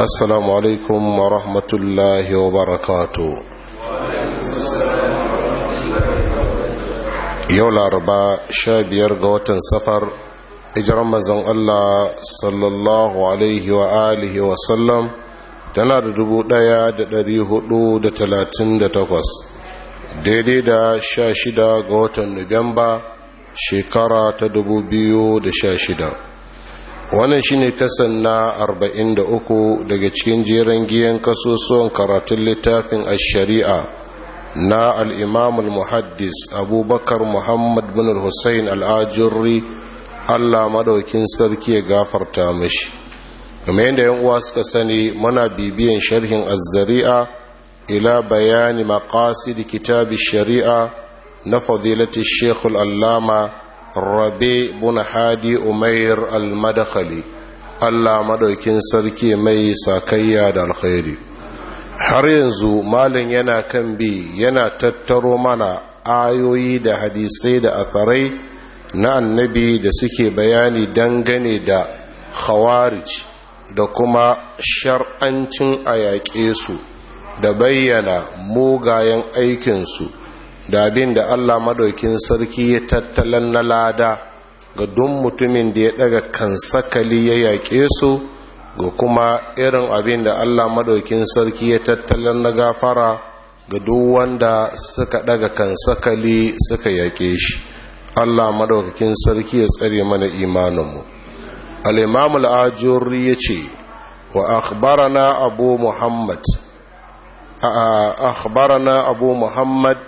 assalamu alaikum wa rahmatullahi wa barakatu yau laraba sha biyar ga watan safar ijiran mazan allah sallallahu alaihi wa alihi wa sallam tana da dubu ɗaya da ɗari huɗu da talatin da takwas daidai da sha shida ga watan nuwamba shekara ta dubu biyu da sha shida wannan shine kasan na 43 daga cikin jeran giyan kasusuwan karatun littafin ash-shari'a na al-imam al-muhaddis abubakar muhammad bin hussein al-ajurri allah madaukin sarki ya gafarta mashi kuma yadda yan uwa suka sani muna bibiyan sharhin az-zari'a ila bayani maqasid kitabin sharia na fadilati ash allama rabe buna hadi umair al-madakhali allah maɗaukin sarki mai sakayya da alkhairi har yanzu malin yana kan bi yana tattaro mana ayoyi da hadisai da atharai na annabi da suke bayani dangane da khawarij da kuma shar'ancin a su da bayyana mugayen aikinsu da abin da Allah maɗaukin sarki ya tattalan na lada ga don mutumin da ya daga kansakali ya yaƙe su ga kuma irin abin da Allah maɗaukin sarki ya tattalan na gafara ga duk wanda suka daga kansakali suka yaƙe shi Allah maɗaukin sarki ya tsare mana imaninmu al’imamul imam ya ce, yace wa akbarana abu muhammad A akbarana abu muhammad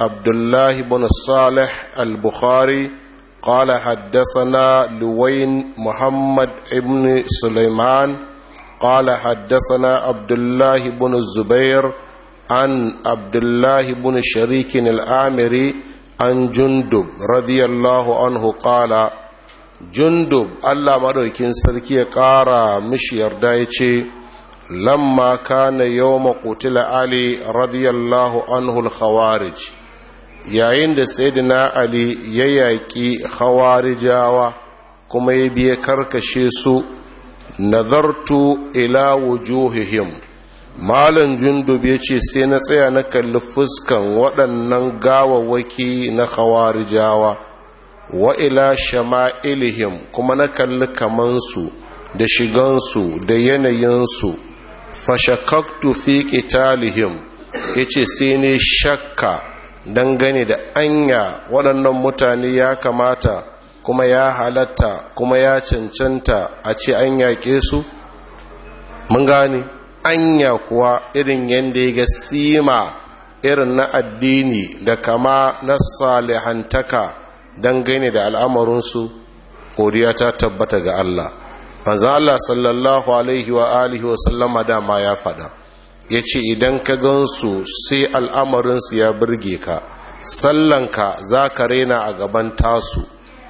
عبد الله بن الصالح البخاري قال حدثنا لوين محمد ابن سليمان قال حدثنا عبد الله بن الزبير عن عبد الله بن شريك الآمري عن جندب رضي الله عنه قال جندب الله مدركين سركي قارا مش يردايتي لما كان يوم قتل علي رضي الله عنه الخوارج yayin da sayyidina ali ya yaƙi hawarijawa kuma ya biya karkashe su nazartu ila wujuhihim malam jundub ya ce sai na tsaya na kalli fuskan waɗannan gawawaki na hawarijawa wa ila shama'ilihim kuma na kalli kamansu da shigansu da yanayinsu fashakaktu fi qitalihim yace sai ne shakka dangane da anya waɗannan mutane ya kamata kuma ya halatta kuma ya cancanta a ce an yaƙe su mun gane anya kuwa irin yadda ya ga sima irin na addini da kama na salihantaka dangane da al'amarinsu koriya ta tabbata ga Allah manzo Allah sallallahu alaihi wa alihi wa sallama dama ya faɗa ya ce idan ka gansu sai al'amarinsu ya birge ka sallanka za ka rena a gaban tasu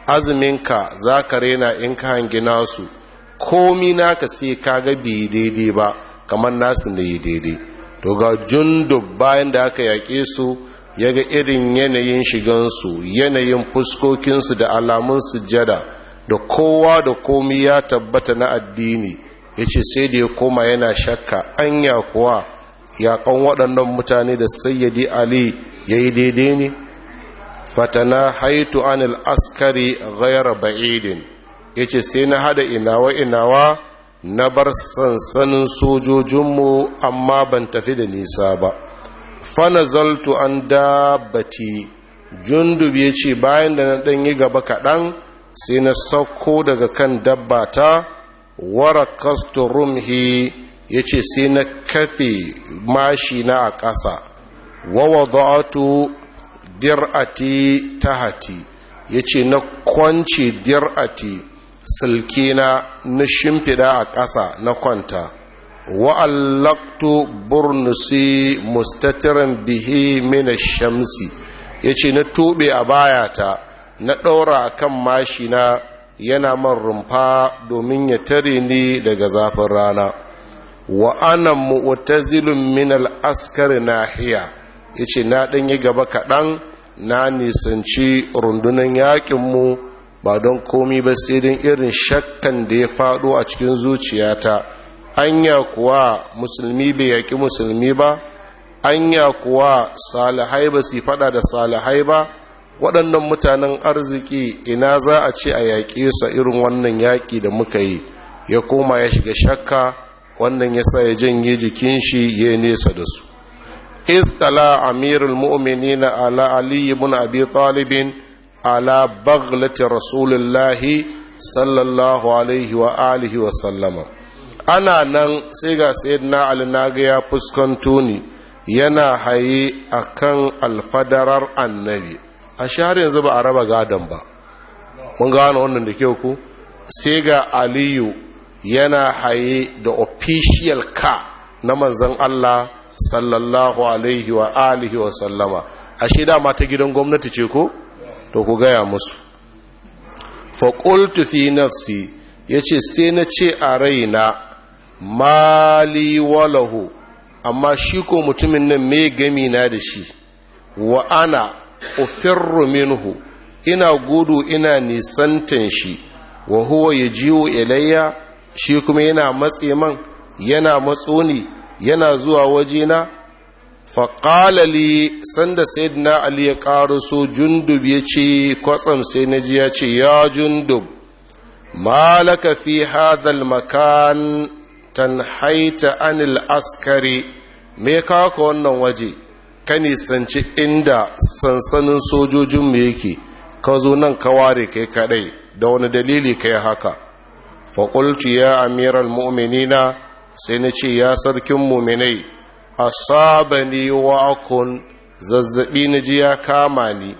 azuminka za ka rena in ka hangi nasu komi naka sai ka ga bi daidai ba kamar nasu yi daidai to ga jundub bayan da aka yaƙe su ya ga irin yanayin shigansu yanayin fuskokinsu da alamun sujada da kowa da komi ya tabbata na addini ya ce sai da ya koma yana shakka ya kuwa yaƙon waɗannan mutane da sayyadi ali ya yi daidai ne fatana haitu anil askari ghayar ba'idin ya ce sai na hada inawa-inawa na bar sansanin sojojinmu amma ban tafi da nisa ba fana zaltu an dabbati jundub ya ce bayan da na ɗanyi gaba kaɗan sai na sauko daga kan dabbata warakastu rumhi ya ce sai na kafe mashi na a ƙasa wawadatu dir'ati tahati ya ce na kwanci dir'ati silkina na shimfiɗa a ƙasa na kwanta wa'allaktu burnusi mustatirin bihi mina shamsi ya ce na tobe a bayata na ɗaura a kan mashi na yana man rumfa domin ya tare ni daga zafin rana wa anan mu'tazilun min al-askar nahiya yace na dan yi gaba kaɗan na nisanci rundunan yakin mu ba don komi ba sai don irin shakkan da ya faɗo a cikin zuciyata anya kuwa musulmi bai yaƙi musulmi ba anya kuwa salihai ba su faɗa da salihai ba waɗannan mutanen arziki ina za a ce a yaƙe sa irin wannan yaƙi da muka yi ya koma ya shiga shakka wannan ya sa ya janye jikin shi ya nesa da su istala amirul mu'minina ala ali ibn abi talibin ala baghlati rasulillahi sallallahu alaihi wa alihi wa sallama ana nan sai ga sayyidina ali naga ya fuskanto ni yana haye a kan alfadarar annabi a shahar yanzu ba a raba gadon ba mun gano wannan da kyau ku sai ga aliyu yana haye da official ka na manzan Allah sallallahu alaihi wa alihi wa sallama ashe ma ta gidan gwamnati ce ko to ku gaya musu fa qultu fi nafsi yace sai na ce a raina mali walahu amma shi ko mutumin nan me gami na da shi wa ana ufirru minhu ina gudu ina nisantan shi wa huwa yajiu ilayya shi kuma yana matse man yana matsoni yana zuwa wajena faƙala li sanda sayyidina ali ya so jundub ya ce kwatsam sai na ji ya ce ya jundub malaka fi hadal makan tanhaita anil askari me kawo ka wannan waje ka nisanci inda sansanin sojojinmu yake ka zo nan ka ware kai kadai da wani dalili kai haka faƙulci ya amiral mu'minina sai na ce ya sarkin mu'minai asabani wa akun zazzabi na ji ya kama ni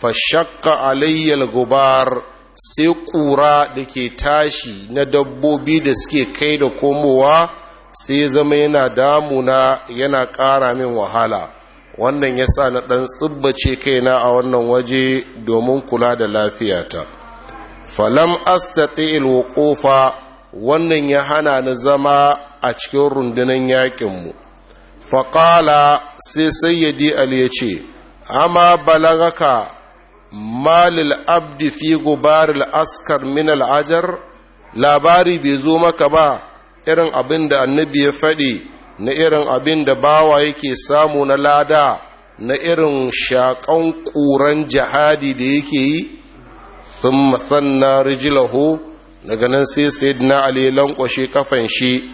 fashakka alayyal gubar sai ƙura da ke tashi na dabbobi da suke kai da komowa sai zama yana damuna yana ƙara min wahala wannan ya sa na ɗan tsibbace kaina a wannan waje domin kula da lafiyata falam astati ilwukufa wannan ya hana na zama a cikin rundunar yaƙinmu faƙala sai sayyadi ali ya ce amma balagaka malil abdi fi gubaril askar min al'ajar labari bai zo maka ba irin abin da annabi ya faɗi na irin abin da bawa yake samu na lada na irin shaƙon ƙuran jihadi da yake yi sun matsanna rijilahu daga nan sai sai na alilan lankwashe kafan shi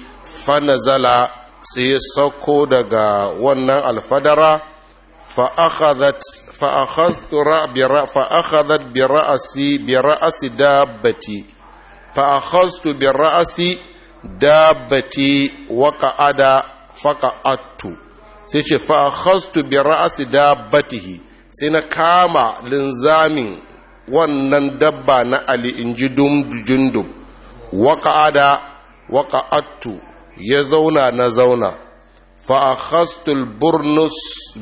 zala sai ya sauko daga wannan alfadara fa’akhazat bi ra'asi dabbati fa’akhaztu bi ra'asi dabbati ada faka attu. sai ce fa khastu bi ra'si dabbatihi sai na kama linzamin wannan dabba na ali inji dum jundum wa ada wa attu ya zauna na zauna fa akhastu al-burnus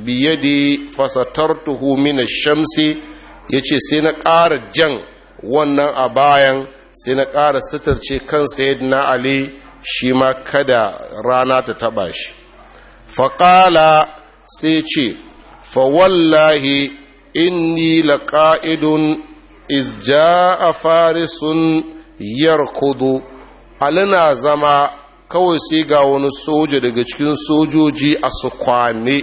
bi yadi fasatartuhu min ash-shamsi yace sai na ƙara jan wannan a bayan sai na ƙara sitarce kan na ali shi ma kada rana ta taba shi faƙala sai ce fawallahi inni laƙa'idun izja a farisun yarkudu alina zama kawai sai ga wani soja daga cikin sojoji a su kwane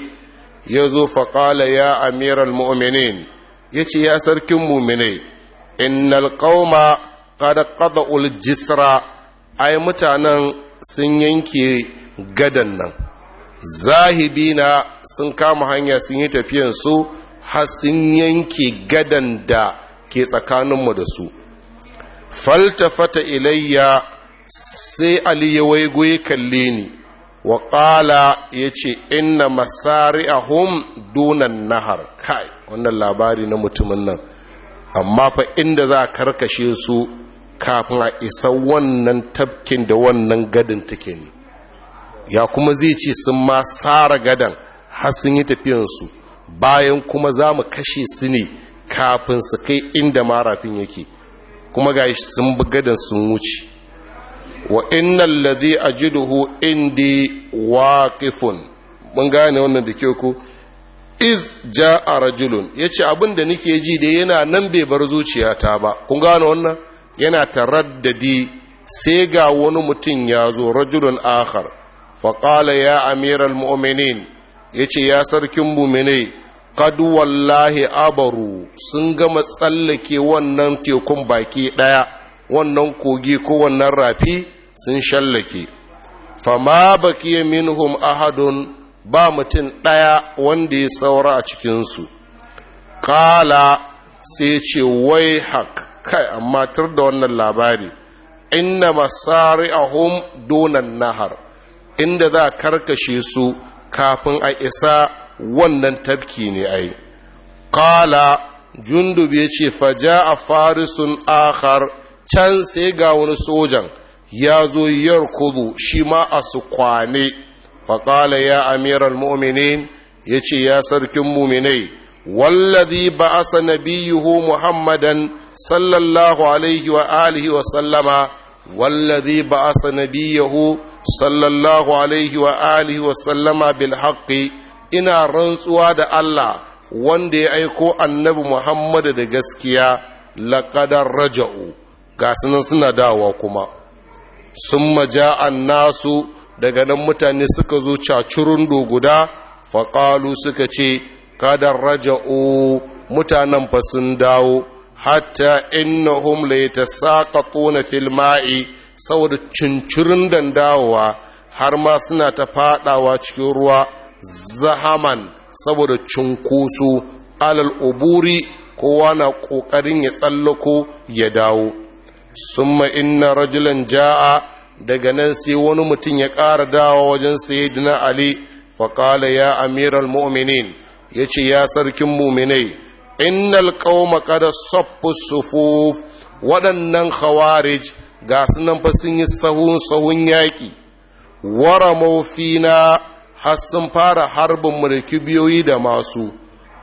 ya zo faƙala ya amiral mu'minin ya ce ya sarkin mu'minai innal qauma kada kada uljisra ai mutanen sun yanke gadan nan zahibina sun kama hanya sun yi tafiyan su har sun yanke gadan da ke tsakaninmu da su faltafata ilayya sai ali ya waigo ya kalle ni wa ƙala ya ce inna masari'ahum dunan nahar kai wannan labari na mutumin nan amma fa inda za a karkashe su kafin a isa wannan tafkin da wannan gadin take ne ya kuma zai ce sun ma tsara gadan har sun yi tafiyansu bayan kuma za mu kashe su ne kafin su kai inda marafin yake kuma ga sun bi gadan sun wuce wa inna lade a jiduhu inda waƙifun mun gane wannan da ke ku iz ja a rajulun ya ce abinda nike ji da yana nan bai bar zuciyata ba kun gane wannan yana taraddadi sai ga wani mutum ya zo rajulun akhar faƙala ya amiral mu'minin ya ce ya sarkin muminai kad wallahi abaru sun gama tsallake wannan tekun baki ɗaya wannan kogi ko wannan rafi sun shallake fama baki minhum ahadun ba mutum ɗaya wanda ya saura a cikinsu kala sai ce wai hak kai amma tur da wannan labari inna masari'ahum donan nahar inda za karkashe su kafin a isa wannan tabki ne ai qala jundub yace a farisun akhar can sai ga wani sojan ya zo 'yar kudu shi ma a su kwane faƙala ya amiral mu'minin ya ce ya sarkin muminai wallazi ba'asa nabiyuhu muhammadan sallallahu alaihi wa alihi wa sallama wallazi ba'asa nabiyahu sallallahu alaihi wa alihi wa sallama bil haqqi ina rantsuwa da Allah wanda ya aiko annabi Muhammadu da gaskiya laqadar raja'u ga sunan suna dawa kuma summa ja'an nasu daga nan mutane suka zo cacurun guda faƙalu suka ce kadar raja'u mutanen fa sun dawo hatta innahum ta yatasaqatuna fil ma'i saboda cincirin dan dawowa har ma suna ta fadawa cikin ruwa zahaman saboda cunkoso alal uburi kowa na kokarin ya tsallako ya dawo summa inna rajulan jaa daga nan sai wani mutum ya ƙara dawa wajen sayyidina ali faqala ya amiral mu'minin ya ce ya sarkin muminai innal qauma kada saffu sufuf waɗannan khawarij ga sunan fa sun yi sahun sahun yaƙi Wara maufina har sun fara harbin mulki da da masu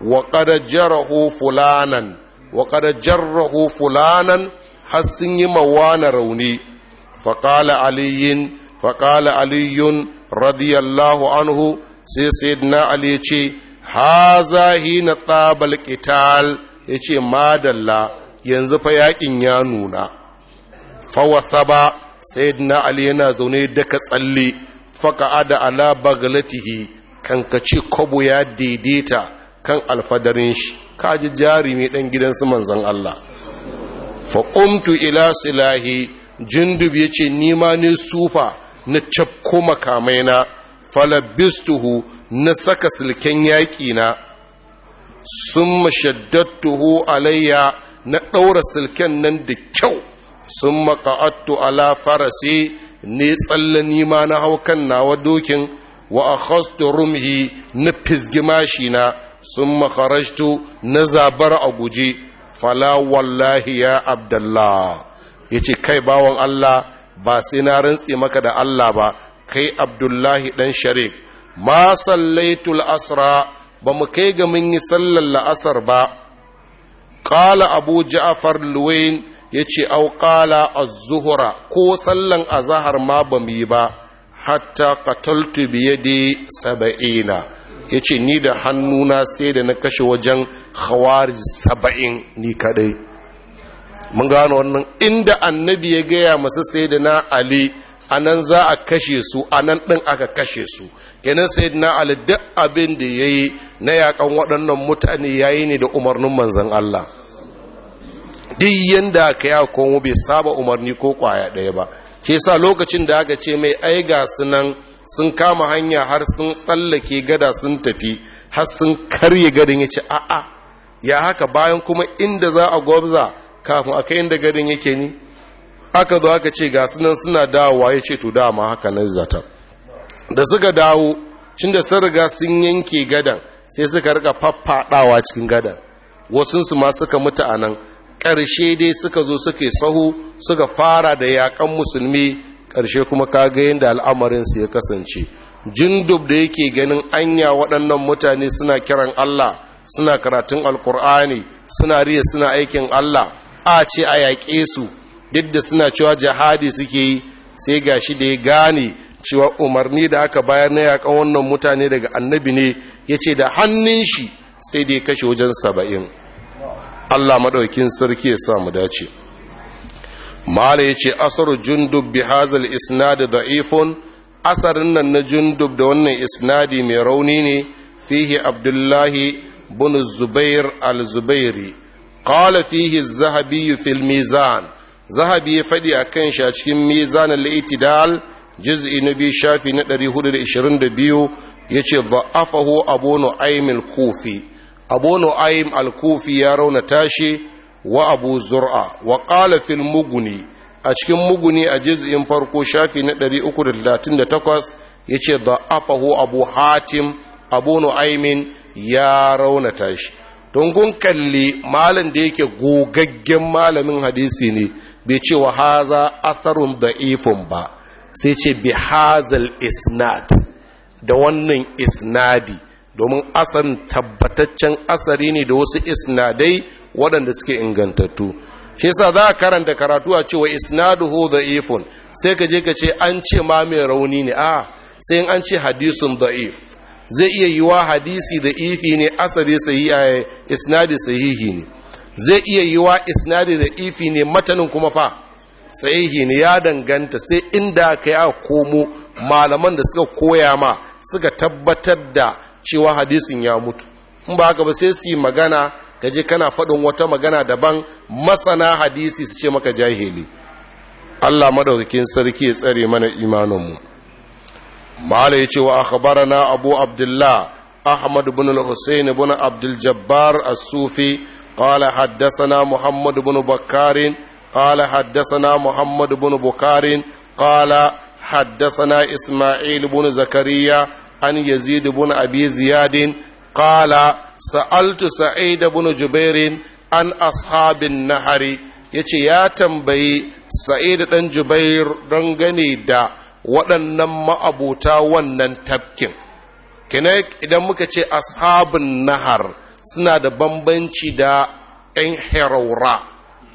wa kada jarahu fulanan wa kada jarahu fulanan har sun yi mawana rauni faƙala aliyin faƙala aliyun radiyallahu anhu sai sayyidina ali ce haza hina tsabal qital yace madalla yanzu fa yakin ya nuna fawathaba sayyidina ali yana zaune daka tsalle faka ada ala baglatihi kace kobo ya daidaita kan alfadarin shi kaji jarimi dan gidan su manzon Allah fa qumtu ila silahi jindub yace nima ne sufa na cafko makamaina falabistuhu na saka silken yaƙi na sun mashaddattuhu alayya na ɗaura silken nan da kyau sun maka'attu ala farasi ne tsalle nima na haukan nawa dokin wa rumhi na fizgimashi na sun makarashtu na zabar a guje fala wallahi ya ya ce kai bawon allah ba sai na rantse maka da allah ba kai abdullahi ɗan sharif ma sallaitul asra ba mu kai ga mun yi sallar la'asar ba ƙala abu ja'afar luwain ce au ƙala az zuhura ko sallan azahar ma ba mu yi ba hatta qataltu bi yadi saba'ina yace ni da hannuna sai da na kashe wajen khawarij saba'in ni kadai mun gano wannan inda annabi ya gaya masa sai da na ali anan za a kashe su anan din aka kashe su kenan sai na duk abin da ya yi na yakan waɗannan mutane yayi ne da umarnin manzan Allah duk yanda ka ya komo bai saba umarni ko kwaya ɗaya ba Ke sa lokacin da aka ce mai ai ga sunan sun kama hanya har sun tsallake gada sun tafi har sun karye gadin ya ce a'a ya haka bayan kuma inda za a gwabza kafin aka inda gadin yake ni aka zo aka ce ga sunan suna dawowa ya ce to dama haka na zata da suka dawo cin da sun riga sun yanke gadan sai suka rika faffaɗawa cikin gadan wasunsu ma suka mutu a nan ƙarshe dai suka zo suka sahu suka fara da yaƙan musulmi ƙarshe kuma kaga yadda al'amarinsu ya kasance jindub da yake ganin anya waɗannan mutane suna kiran allah suna karatun alkur'ani suna riya suna aikin allah a ce a yaƙe su duk da suna cewa jihadi suke yi sai ga shi da ya gane cewa umarni da aka bayar na yakan wannan mutane daga annabi ne ya ce da hannun shi sai da ya kashe wajen saba'in allah maɗaukin sarki ya samu dace mala ya ce asarar jundub bi hazal isnadi da ifon asarin nan na jundub da wannan isnadi mai rauni ne fihi abdullahi bin zubair al-zubairi qala fihi zahabi fil mizan zahabi ya faɗi a kan shi a cikin mizanin al-itidal juz'i na biyu shafi na 422 yace da'afahu abu nu'aym al-kufi abu nu'aym al-kufi ya rauna tashi wa abu zur'a wa qala fil muguni a cikin muguni a juz'in farko shafi na 338 yace da'afahu abu hatim abu nu'aymin ya rauna tashi don kun kalli malam da yake gogaggen malamin hadisi ne bai ce wa haza atharun da'ifun ba sai ce bi hazal isnad da wannan isnadi domin asan tabbataccen asari ne da wasu isnadai waɗanda suke ingantattu shi yasa za a karanta karatu a cewa da ifon sai ka je ka ce an ce ma mai rauni ne a sai an ce hadisun if zai iya yi wa hadisi da'ifi ne asari sahihi isnadi sahihi ne zai iya yi wa isnadi da'ifi ne matanin kuma fa sahihi ne ya danganta sai inda ka a komo malaman da suka koya ma suka tabbatar da cewa hadisin ya mutu in ba haka ba sai su yi magana ka je kana faɗin wata magana daban masana hadisi su ce maka jahili Allah madaukakin sarki ya tsare mana imaninmu mala ya ce wa na abu abdullah ahmad bin al-husayn bin abdul jabbar as-sufi qala muhammad bin bakkarin قال حدثنا محمد بن بكار قال حدثنا إسماعيل بن زكريا عن يزيد بن أبي زياد قال سألت سعيد بن جبير عن أصحاب النهر yace ya tambayi sa'id dan jubair dangane da waɗannan ma'abuta wannan tafkin kina idan muka ce ashabin nahar suna da bambanci da 'yan heraura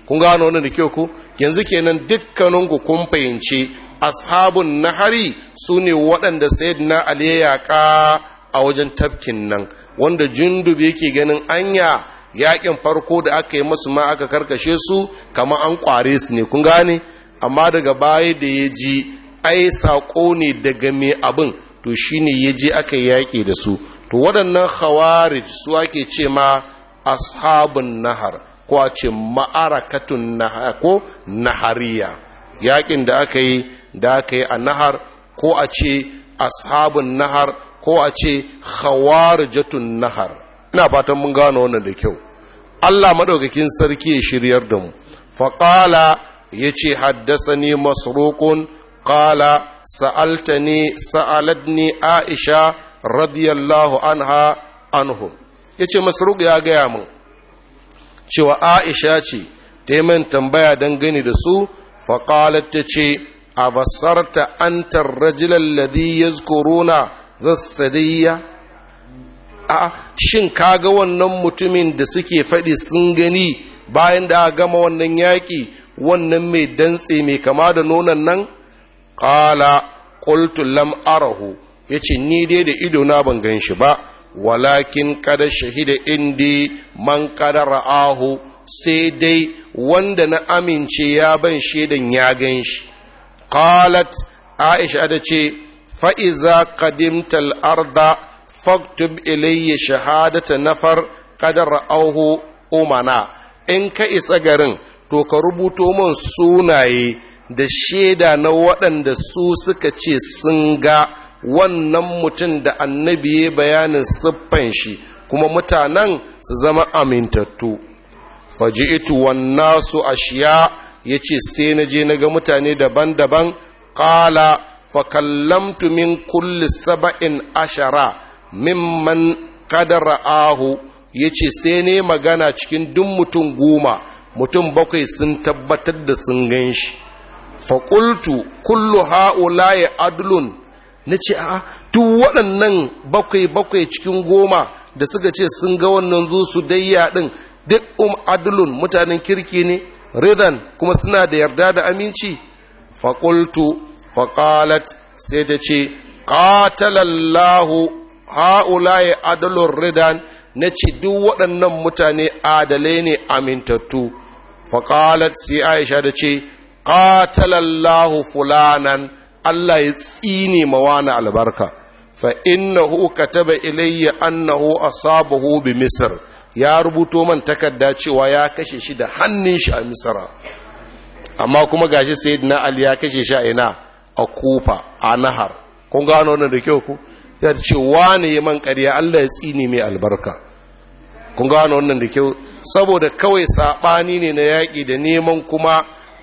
kun gano wannan da kyau ku yanzu kenan dukkanin ku kun fahimci ashabun nahari su ne waɗanda sayyidina ali ya yaƙa a wajen tafkin nan wanda jundub yake ganin anya yaƙin farko da aka yi masu ma aka karkashe su kama an ƙware su ne kun gane amma daga baya da ya ji ai saƙo ne daga mai abin to shi ne ya je aka yaƙi da su to waɗannan khawarij su ake ce ma ashabun nahar ko a ce ma'arakatun ko nahariya yakin da aka yi da aka yi a nahar ko a ce ashabun nahar ko a ce khawarijatun nahar ina fatan mun gano wannan da kyau Allah madaukakin sarki ya shiryar da mu faqala yace haddasani masruqun qala sa'altani sa'alatni aisha radiyallahu anha anhum yace masruq ya gaya mun cewa aisha ce taimin tambaya don gani da su faƙalar ta ce a basarta an tarrajilar ladi ya zassadiyya a shin kaga wannan mutumin da suke faɗi sun gani bayan da a gama wannan yaƙi wannan mai dantse mai kama da nonon nan ƙala ƙultullam arahu ya ce ni dai da ido na ban gan shi ba walakin kada shahida indi man kada ra'ahu sai dai wanda na amince ya ban shaidan ya gan shi qalat aisha da ce fa'iza kadimtal arda faktub ilayya shahadata nafar kada ra'ahu umana in ka isa garin to ka rubuto min sunaye da shaida na waɗanda su suka ce sun ga wannan mutum da annabi ya bayanin siffan shi kuma mutanen su zama amintattu a shiya ashiya ce sai na je na ga mutane daban-daban Ƙala fa kallamtu min kulli saba'in ashara mimman kadara ahu ce sai ne magana cikin duk mutum goma mutum bakwai sun tabbatar da sun gan shi faƙultu kullu ya adlun na ce a duk waɗannan bakwai bakwai cikin goma da suka ce sun ga wannan zo su dayya ɗin duk um adulun mutanen kirki ne ridan kuma suna da yarda da aminci faƙultu faƙalat sai da ce ƙatalallahu ha'ulaye adalun ridan na ce duk waɗannan mutane adalai ne amintattu faƙalat sai aisha da ce ƙatalallahu fulanan Allah ya tsine mawana albarka fa innahu kataba ilayya annahu asabahu bi misr ya rubuto man takarda cewa ya kashe shi da hannun shi a misra amma kuma gashi sayyidina ali ya kashe shi a ina a kufa a nahar kun gano wannan da kyau ku da wani ya man ƙarya Allah ya tsine mai albarka kun gano wannan da kyau saboda kawai saɓani ne na yaki da neman kuma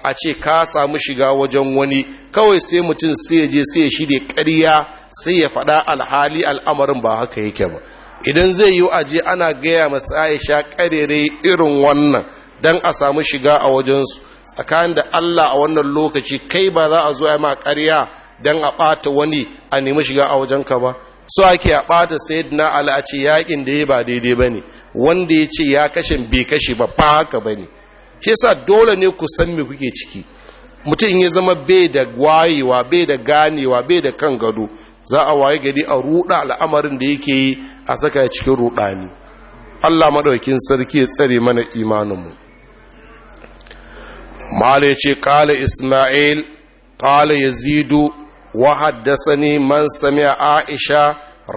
a ce ka samu shiga wajen wani kawai sai mutum sai ya je sai ya shirya ƙarya sai ya faɗa alhali al'amarin ba haka yake ba idan zai yi aje ana gaya masu aisha ƙarere irin wannan don a samu shiga a wajensu tsakanin da allah a wannan lokaci kai ba za a zo ya ma karya don a ɓata wani a nemi shiga a wajen ka ba so ake a ɓata sayyidina ali a ce yaƙin da ya ba daidai ba ne wanda ya ce ya kashe bai kashe ba ba haka ba ne shi yasa dole ne ku san me kuke ciki mutum ya zama bai da wayewa bai da ganewa bai da kan gado za a waye gari a ruɗa al'amarin da yake yi a saka ya cikin ruɗani allah maɗaukin sarki ya tsare mana imaninmu mala ce kala isma'il kala yazidu wa haddasa ne man sami aisha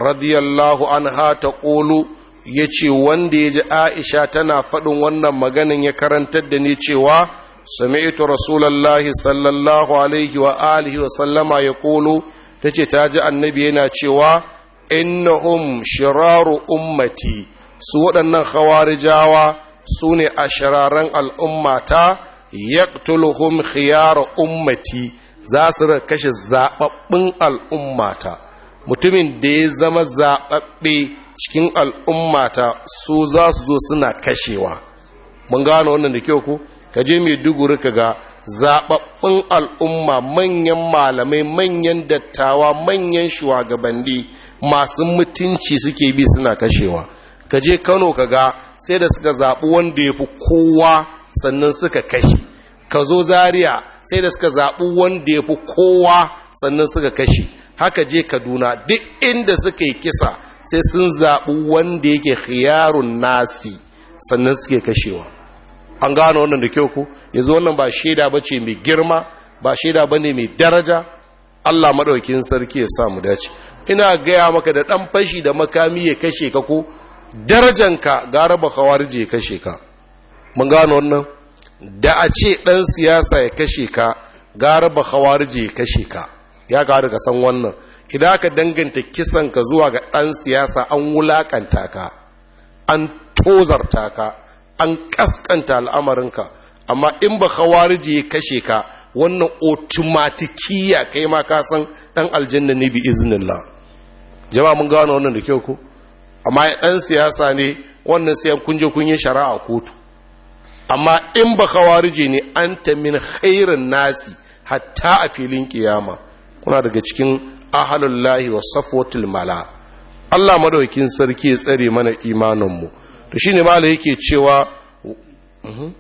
radiyallahu anha ta ƙolu ya ce wanda ya ji aisha tana faɗin wannan maganin ya karantar da ni cewa sami'tu rasulallahi sallallahu alaihi wa alihi wa sallama ya kolo ta ce ta ji annabi yana cewa innahum shiraru ummati su waɗannan khawarijawa su ne a shiraren al'ummata yaqtuluhum khiyar ummati za su kashe zaɓaɓɓun al'ummata mutumin da ya zama zaɓaɓɓe cikin al'ummata su za su zo suna kashewa mun gano wannan da kyau ku ka je mai duguri ka ga zaɓaɓɓun al'umma manyan malamai manyan dattawa manyan shugabanni masu mutunci suke bi suna kashewa ka je kano ka ga sai da suka zaɓi wanda ya fi kowa sannan suka kashe ka zo zaria sai da suka zaɓi wanda ya fi kowa sannan suka kashe haka je kaduna duk inda suka yi kisa sai sun zaɓi wanda yake khiyarun nasi sannan suke kashewa an gano wannan da kyau ku yanzu wannan ba shaida ba ce mai girma ba shaida ba ne mai daraja allah maɗaukin sarki ya samu dace ina gaya maka da ɗan fashi da makami ya kashe ka ko darajanka gara ba kawarji ya kashe ka mun gano wannan da a ce ɗan siyasa ya kashe ka gara ba kawarji ya kashe ka ya ka ka san wannan idan aka danganta kisan ka zuwa ga ɗan siyasa an wulaƙanta ka an tozarta ka an ƙasƙanta al'amarinka amma in ba khawariji ya kashe ka wannan otomatikiya kai ma ka san ɗan aljanna ne bi iznillah jama mun gano wannan da kyau ko amma ɗan siyasa ne wannan sai kun je kun yi shari'a kotu amma in ba khawariji ne an ta min khairin nasi hatta a filin kiyama kuna daga cikin ahalullahi wa safwatul mala Allah madaukin sarki ya tsare mana imaninmu to shine mala yake cewa mhm.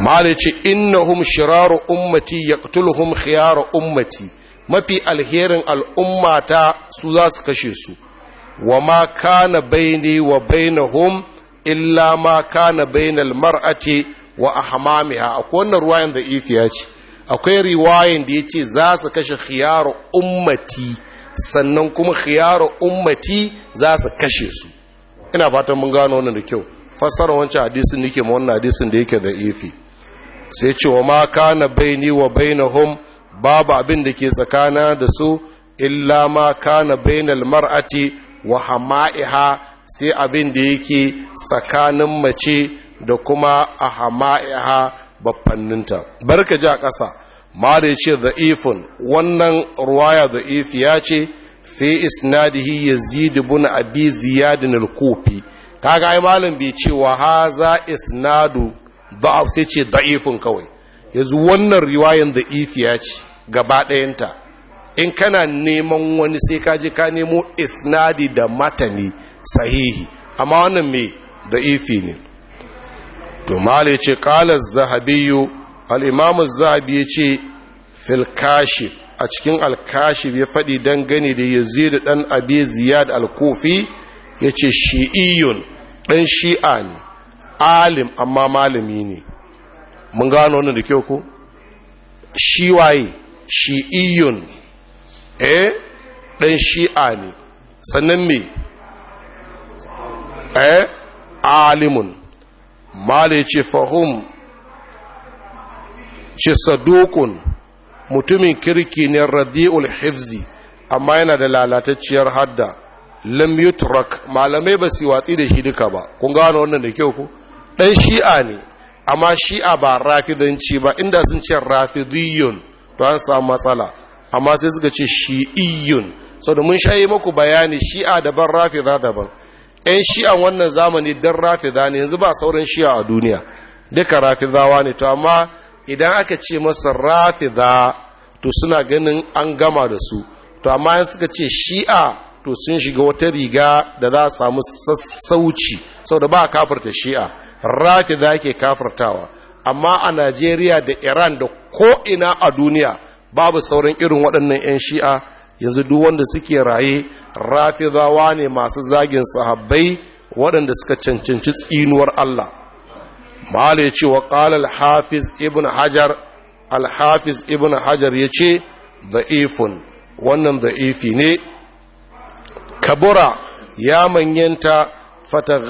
mala ce innahum shiraru ummati yaqtuluhum khiyaru ummati mafi alherin al'ummata su za su kashe su wa ma kana baini wa bainahum illa ma kana bainal mar'ati wa ahmamiha akwai wannan ruwayan da ifiya ce akwai riwayan da ya ce za su kashe khiyaru ummati sannan kuma khiyaru ummati za su kashe su ina fatan mun gano wannan da kyau fassara wancan hadisin nake ma wannan hadisin da yake da ifi sai ce wa ma kana baini wa bainahum babu abin da ke tsakana da su illa ma kana bainal mar'ati wa hama'iha sai abin da yake tsakanin mace da kuma a hama'iha babbanninta barka ji a ƙasa ma da ce za'ifun wannan ruwaya ya ce fi isnadihi yazid ibn abi ziyad al-kufi kaga ai malam bai ce wa haza isnadu da'af sai ce da'ifun kawai yanzu wannan riwayan da'ifiya ce gaba ɗayanta in kana neman wani sai ka je ka nemo isnadi da matani sahihi amma wannan mai da'ifi ne to malai ce qala zahabiyu al'imamun zabi ya ce filkashif a cikin alkashif ya faɗi dangane da ya da ɗan abi ziyad al kofi ya ce shi'iyun ɗan shi'a ne alim amma malami ne mun gano wani da kyau ku shiwaye shi'iyun eh ɗan shi'a ne sannan me eh alimun mala ya ce fahim ce sadukun mutumin kirki ne radi'ul hifzi amma yana da lalatacciyar hadda lam yutrak malamai ba su watsi da shi duka ba kun gano wannan da kyau ku dan shi'a ne amma shi'a ba rafidanci ba inda sun ce rafidiyun to an samu matsala amma sai suka ce shi'iyyun sau da mun yi maku bayani shi'a daban rafida daban yan shi'an wannan zamani dan rafida ne yanzu ba sauran shi'a a duniya duka rafidawa ne to amma idan aka ce masa rafida to suna ganin an gama da su to amma yin suka ce shi'a to sun shiga wata riga da za a samu sassauci sau da ba a kafarta shi'a rafida ke kafartawa amma a najeriya da iran da ko'ina a duniya babu sauran irin waɗannan 'yan shi'a yanzu duk wanda suke raye rafidawa ne masu zagin sahabbai waɗanda suka cancanci tsinuwar allah mahala ya ce wa ƙala alhafiz ibn hajar alhafiz ibn hajar ya ce da'ifun wannan da'ifi ne kabura ya manyanta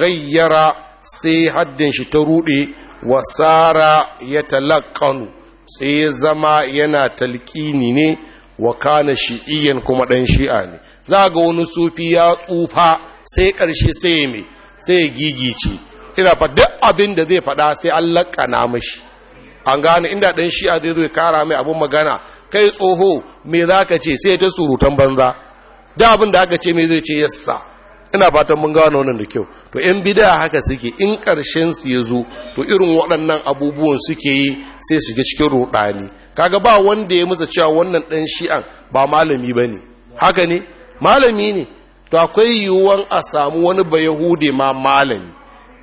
gayyara sai haddin shi ta ruɗe wasara ya talakkanu sai ya zama yana talƙini ne wa kana shi'iyan kuma ɗan shi'a ne za ga wani sufi ya tsufa sai ƙarshe sai ya mai sai ya gigice ina fa duk abin da zai faɗa sai an lakana mashi an gane inda ɗan shi'a zai zo ya kara mai abin magana kai tsoho me za ka ce sai ta surutan banza da abin da aka ce me zai ce yassa ina fatan mun gano wannan da kyau to yan bida haka suke in ƙarshen su ya zo to irin waɗannan abubuwan suke yi sai su ga cikin ruɗani kaga ba wanda ya musa cewa wannan ɗan shi'an ba malami ba ne haka ne malami ne to akwai yiwuwan a samu wani bayahude ma malami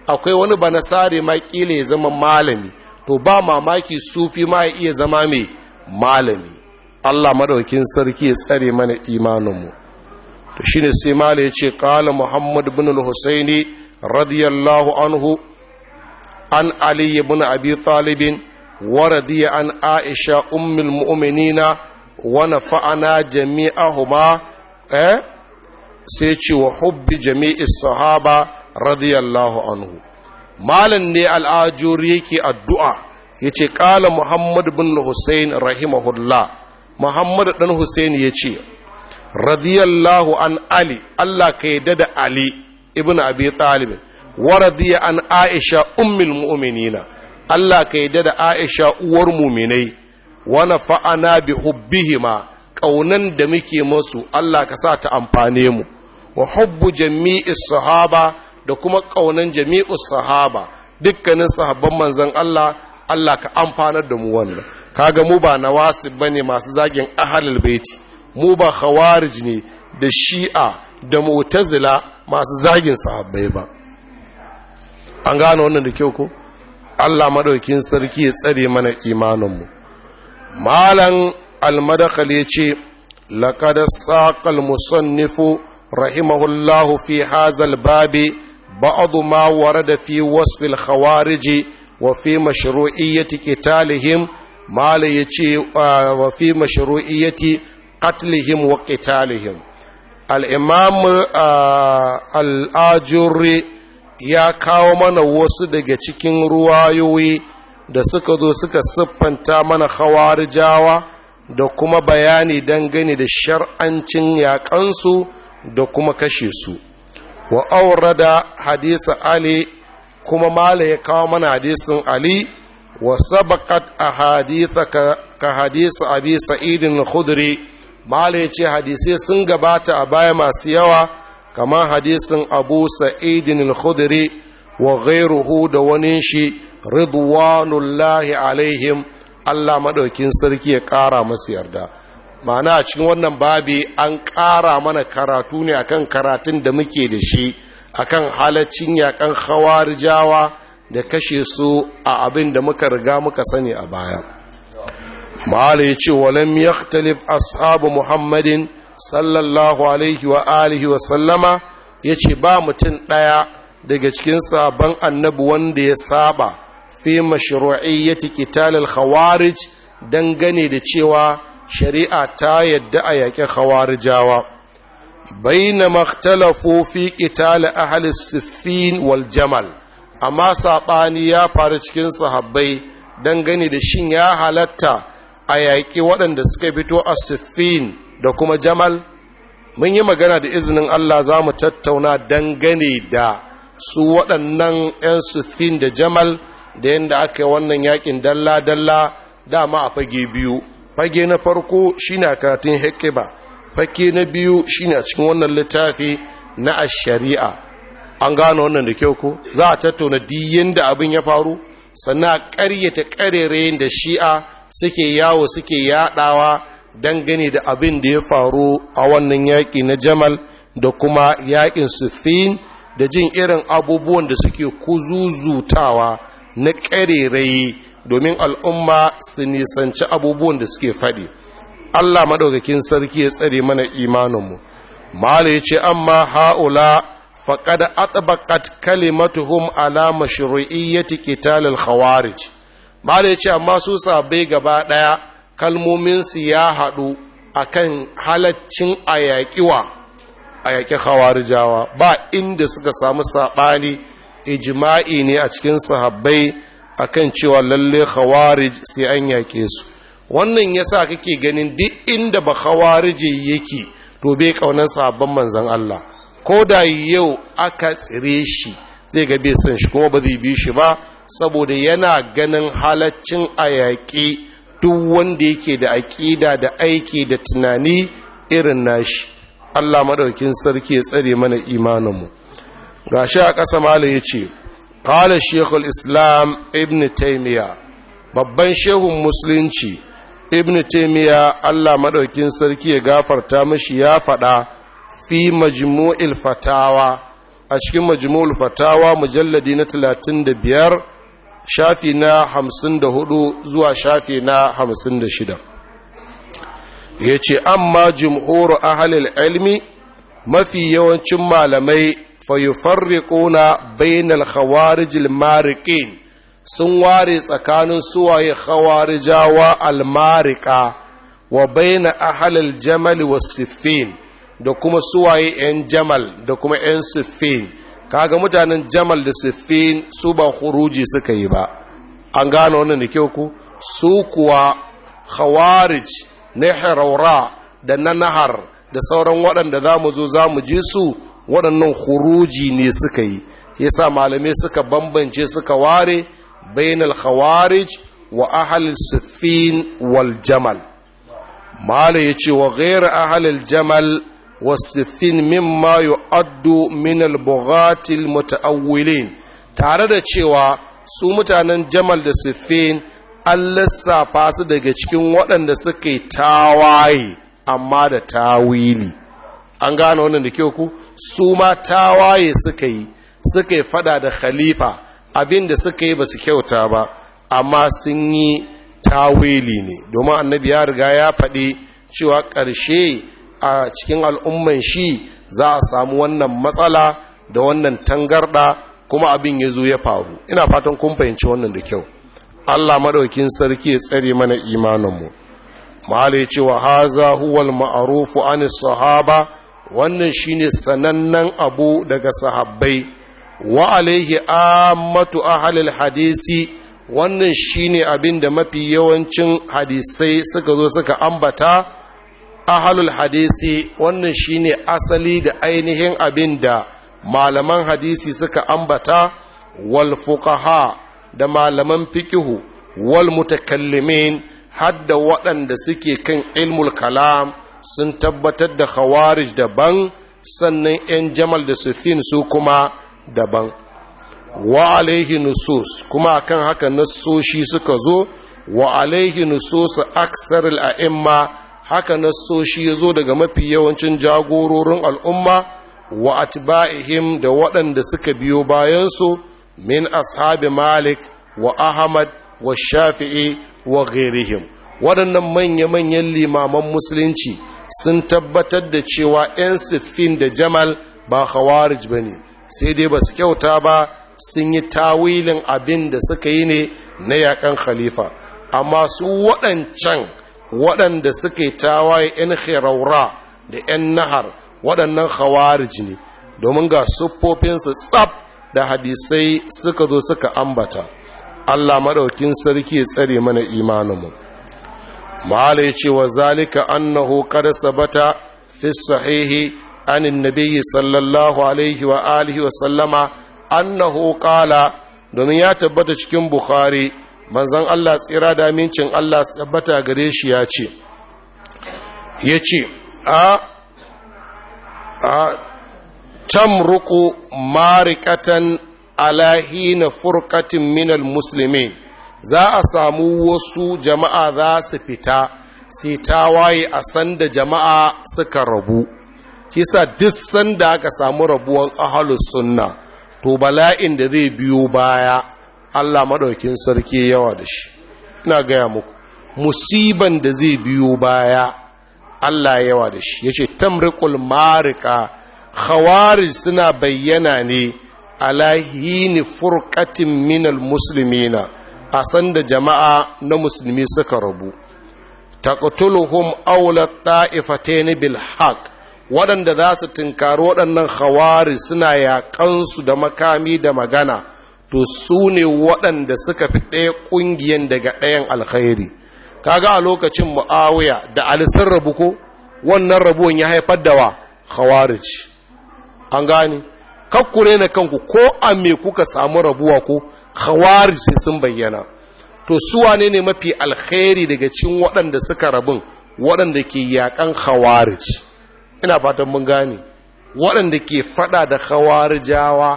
akwai wani ba sare ma kila ya zama malami to ba mamaki sufi ma ya iya zama mai malami Allah madaukin sarki ya tsare mana imaninmu to ne sai mala ya ce qala muhammad bin al-husaini radiyallahu anhu an ali bin abi talibin, wa radiya an aisha ummul mu'minina wa nafa'ana jami'ahuma eh sai ce wa hubbi jami'is sahaba radiyallahu anhu malam ne al'ajuri yake addu'a ya ce ƙala muhammad bin hussein rahimahullah muhammad ɗan hussein ya ce radiyallahu an ali allah ka yadda da ali ibn abi talib wa radiya an aisha ummul mu'minina allah ka yadda da aisha uwar muminai wa nafa'ana bi hubbihima kaunan da muke musu allah ka sa ta amfane mu wa hubbu jami'i sahaba da kuma ƙaunan jami'u sahaba dukkanin sahabban manzan Allah Allah ka amfanar da mu wannan kaga mu ba nawasib bane masu zagin ahlul baiti mu ba khawarij ne da shi'a da mu'tazila masu zagin sahabbai ba an gane wannan da kyau ko Allah madaukin sarki ya tsare mana imaninmu malan almadakal ya ce laƙada musannifu rahimahullahu fi hazal babi ba'adu ma warada fi wasfil khawariji wa fi mashru'iyyati qitalihim mala yace wa fi mashru'iyyati qatlihim wa qitalihim al-imam al-ajuri ya kawo mana wasu daga cikin ruwayoyi da suka zo suka siffanta mana khawarijawa da kuma bayani dangane da shar'ancin yaƙansu da kuma kashe su wa aurada hadisa ali kuma mala ya kawo mana hadisin ali wa sabaqat ahaditha ka hadisi abi sa'idin khudri mala ya ce hadisai sun gabata a baya masu yawa kama hadisin abu sa'idin khudri wa ghairuhu da wani shi ridwanullahi alaihim Allah madaukin sarki ya kara masu yarda ma'ana a cikin wannan babi an ƙara mana karatu ne akan karatun da muke da shi akan halaccin yakan hawarijawa da kashe su a abin da muka riga muka sani a baya ma'ala ya ce walam yaktalif ashabu muhammadin sallallahu alaihi wa alihi wa sallama ya ce ba mutum ɗaya daga cikin sabon annabu wanda ya saba fi mashru'iyyati qitalil khawarij dangane da cewa shari'a ta yadda a yaƙi khawarijawa baina makhtalafu fi a ahli siffin wal jamal amma saɓani ya faru cikin sahabbai dangane da shin ya halatta a yaƙi waɗanda suka fito a siffin da kuma jamal mun yi magana da izinin Allah za mu tattauna dangane da su waɗannan 'yan siffin da jamal da yadda aka yi wannan yaƙin dalla-dalla dama a fage biyu fage na farko shine a karatun hekiba fage na biyu shi na cikin wannan littafi na ashari'a an gano wannan da kyau ko za a tattauna diyin da abin ya faru sannan a ƙaryata ƙarerayen da shi'a suke yawo suke yaɗawa dangane da abin da ya faru a wannan yaƙi na jamal da kuma yaƙin sufin da jin irin abubuwan da suke kuzuzutawa na ƙarerayi domin al'umma su nisanci abubuwan da suke faɗi allah maɗaukakin sarki ya tsare mana imaninmu mala ya ce amma ha'ula faƙada atsabakat kalimatuhum ala mashru'iyyati qitalil khawarij mala ya ce amma su sabai gaba ɗaya kalmomin su ya haɗu akan halaccin ayaƙiwa a yaƙi hawarijawa ba inda suka samu saɓani ijima'i ne a cikin sahabbai akan cewa lalle khawarij sai an yake su wannan yasa kake ganin duk inda ba khawarije yake to bai kaunan sabon manzon Allah ko da yau aka tsire shi zai ga bai san shi kuma ba zai bi shi ba saboda yana ganin halaccin a duk wanda yake da aƙida da aiki da tunani irin nashi Allah madaukin sarki ya tsare mana imaninmu gashi a ƙasa malam ya ce قال الشيخ الإسلام ابن تيمية babban shehun musulunci ibn taimiyya allah maɗaukin sarki ya gafarta mashi ya faɗa fi majmu'il fatawa a cikin majmu'il fatawa mujalladi na 35 shafi na 54 zuwa shafi na 56 ya ce amma jimhuru ahalil ilmi mafi yawancin malamai fayufarriquna bainal khawarijil mariqin sun ware tsakanin suwaye khawarijawa almarika wa baina ahalil jamal wa siffin da kuma suwaye 'yan jamal da kuma 'yan siffin kaga mutanen jamal da siffin su ba huruji suka yi ba an gano wannan da ke ku su kuwa khawarij na da nanahar da sauran waɗanda zamu zo zamu ji su waɗannan huruji ne suka yi yasa malamai suka bambance suka ware bainal khawarij wa ahal siffin wal jamal malai ya ce wa ghairu ahal jamal wa siffin mimma yu'addu min al bughatil tare da cewa su mutanen jamal da siffin an lissafa su daga cikin waɗanda suka yi tawaye amma da tawili an gane wannan da kyau ku su ma tawaye suka yi suka yi fada da khalifa abin da suka yi ba su kyauta ba amma sun yi tawili ne domin annabi ya riga ya faɗi cewa ƙarshe a cikin al'umman shi za a samu wannan matsala da wannan tangarɗa kuma abin ya zo ya faru ina fatan kun fahimci wannan da kyau allah maɗaukin sarki ya tsare mana imaninmu ce cewa haza huwal ma'arufu anis sahaba wannan shine sanannen abu daga sahabbai wa alaihi ammatu ahlil hadisi wannan shine abin da mafi yawancin hadisai suka zo suka ambata ahlul hadisi wannan shine asali da ainihin abin da malaman hadisi suka ambata wal fuqaha da malaman fikihu wal mutakallimin hadda waɗanda suke kan ilmul kalam sun tabbatar da khawarij daban sannan 'yan jamal da sufin su kuma daban wa alaihi nusus kuma kan haka nasoshi suka zo wa alaihi nusus aksar al'imma haka nasoshi ya zo daga mafi yawancin jagororin al'umma wa atba'ihim da waɗanda suka biyo bayansu min ashabi malik wa ahmad wa shafi'i wa ghairihim waɗannan manya-manyan limaman musulunci sun tabbatar da cewa 'yan siffin da jamal ba khawarij ba ne sai dai ba su kyauta ba sun yi tawilin abin da suka yi ne na yakan khalifa amma su waɗancan waɗanda suka yi tawaye 'yan khiraura da 'yan nahar waɗannan khawarij ne domin ga siffofinsu tsab da hadisai suka zo suka ambata allah maɗaukin sarki ya tsare mana imaninmu mahala ya ce wa zalika annahu kada sabata fi sahihi anin nabiyyi sallallahu alaihi wa alihi wa sallama annahu qala domin ya tabbata cikin bukhari manzon Allah tsira da amincin Allah tabbata gare shi ya ce ya ce a a tamruku marikatan alahina furqatin minal muslimin za a samu wasu jama'a za su fita sai ta waye a sanda jama'a suka rabu kisa duk sanda aka samu rabuwan ahalus sunna to bala'in da zai biyo baya Allah madaukin sarki yawa da shi ina gaya muku musiban da zai biyo baya Allah yawa da shi yace tamriqul marika khawarij suna bayyana ne Alahi ni furqatin minal muslimina a sanda jama'a na musulmi suka rabu taqtuluhum awla ta'ifatayn bil haqq waɗanda za su tunkari waɗannan hawari suna yaƙansu da makami da magana to su ne waɗanda suka fi ɗaya ƙungiyan daga ɗayan alkhairi ga a lokacin mu'awiya da alisar rabu ko wannan rabuwan ya haifar da wa khawarij an gane kakkure na kanku ko a me kuka samu rabuwa ko khawarij sun bayyana to su wane ne mafi alkhairi daga cikin waɗanda suka rabin waɗanda ke yakan khawarij ina fatan mun gane waɗanda ke fada da khawarijawa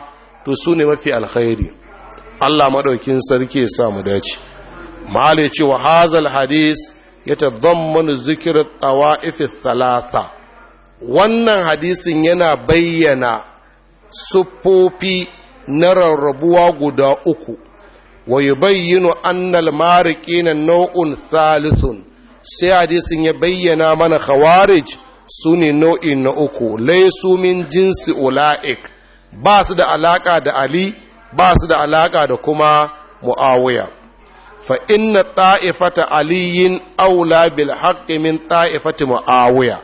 to su ne mafi alkhairi Allah maɗaukin sarki ya samu dace malai cewa hazal hadis ya tadammanu zikirar ifi thalatha wannan hadisin yana bayyana siffofi na rarrabuwa guda uku wa yubayyinu annal mariqina nau'un thalithun sai hadisin ya bayyana mana khawarij sune nau'in na uku laysu min jinsi ula'ik ba su da alaka da ali ba su da alaka da kuma muawiya fa inna ta'ifata aliyin aula bil haqqi min ta'ifati muawiya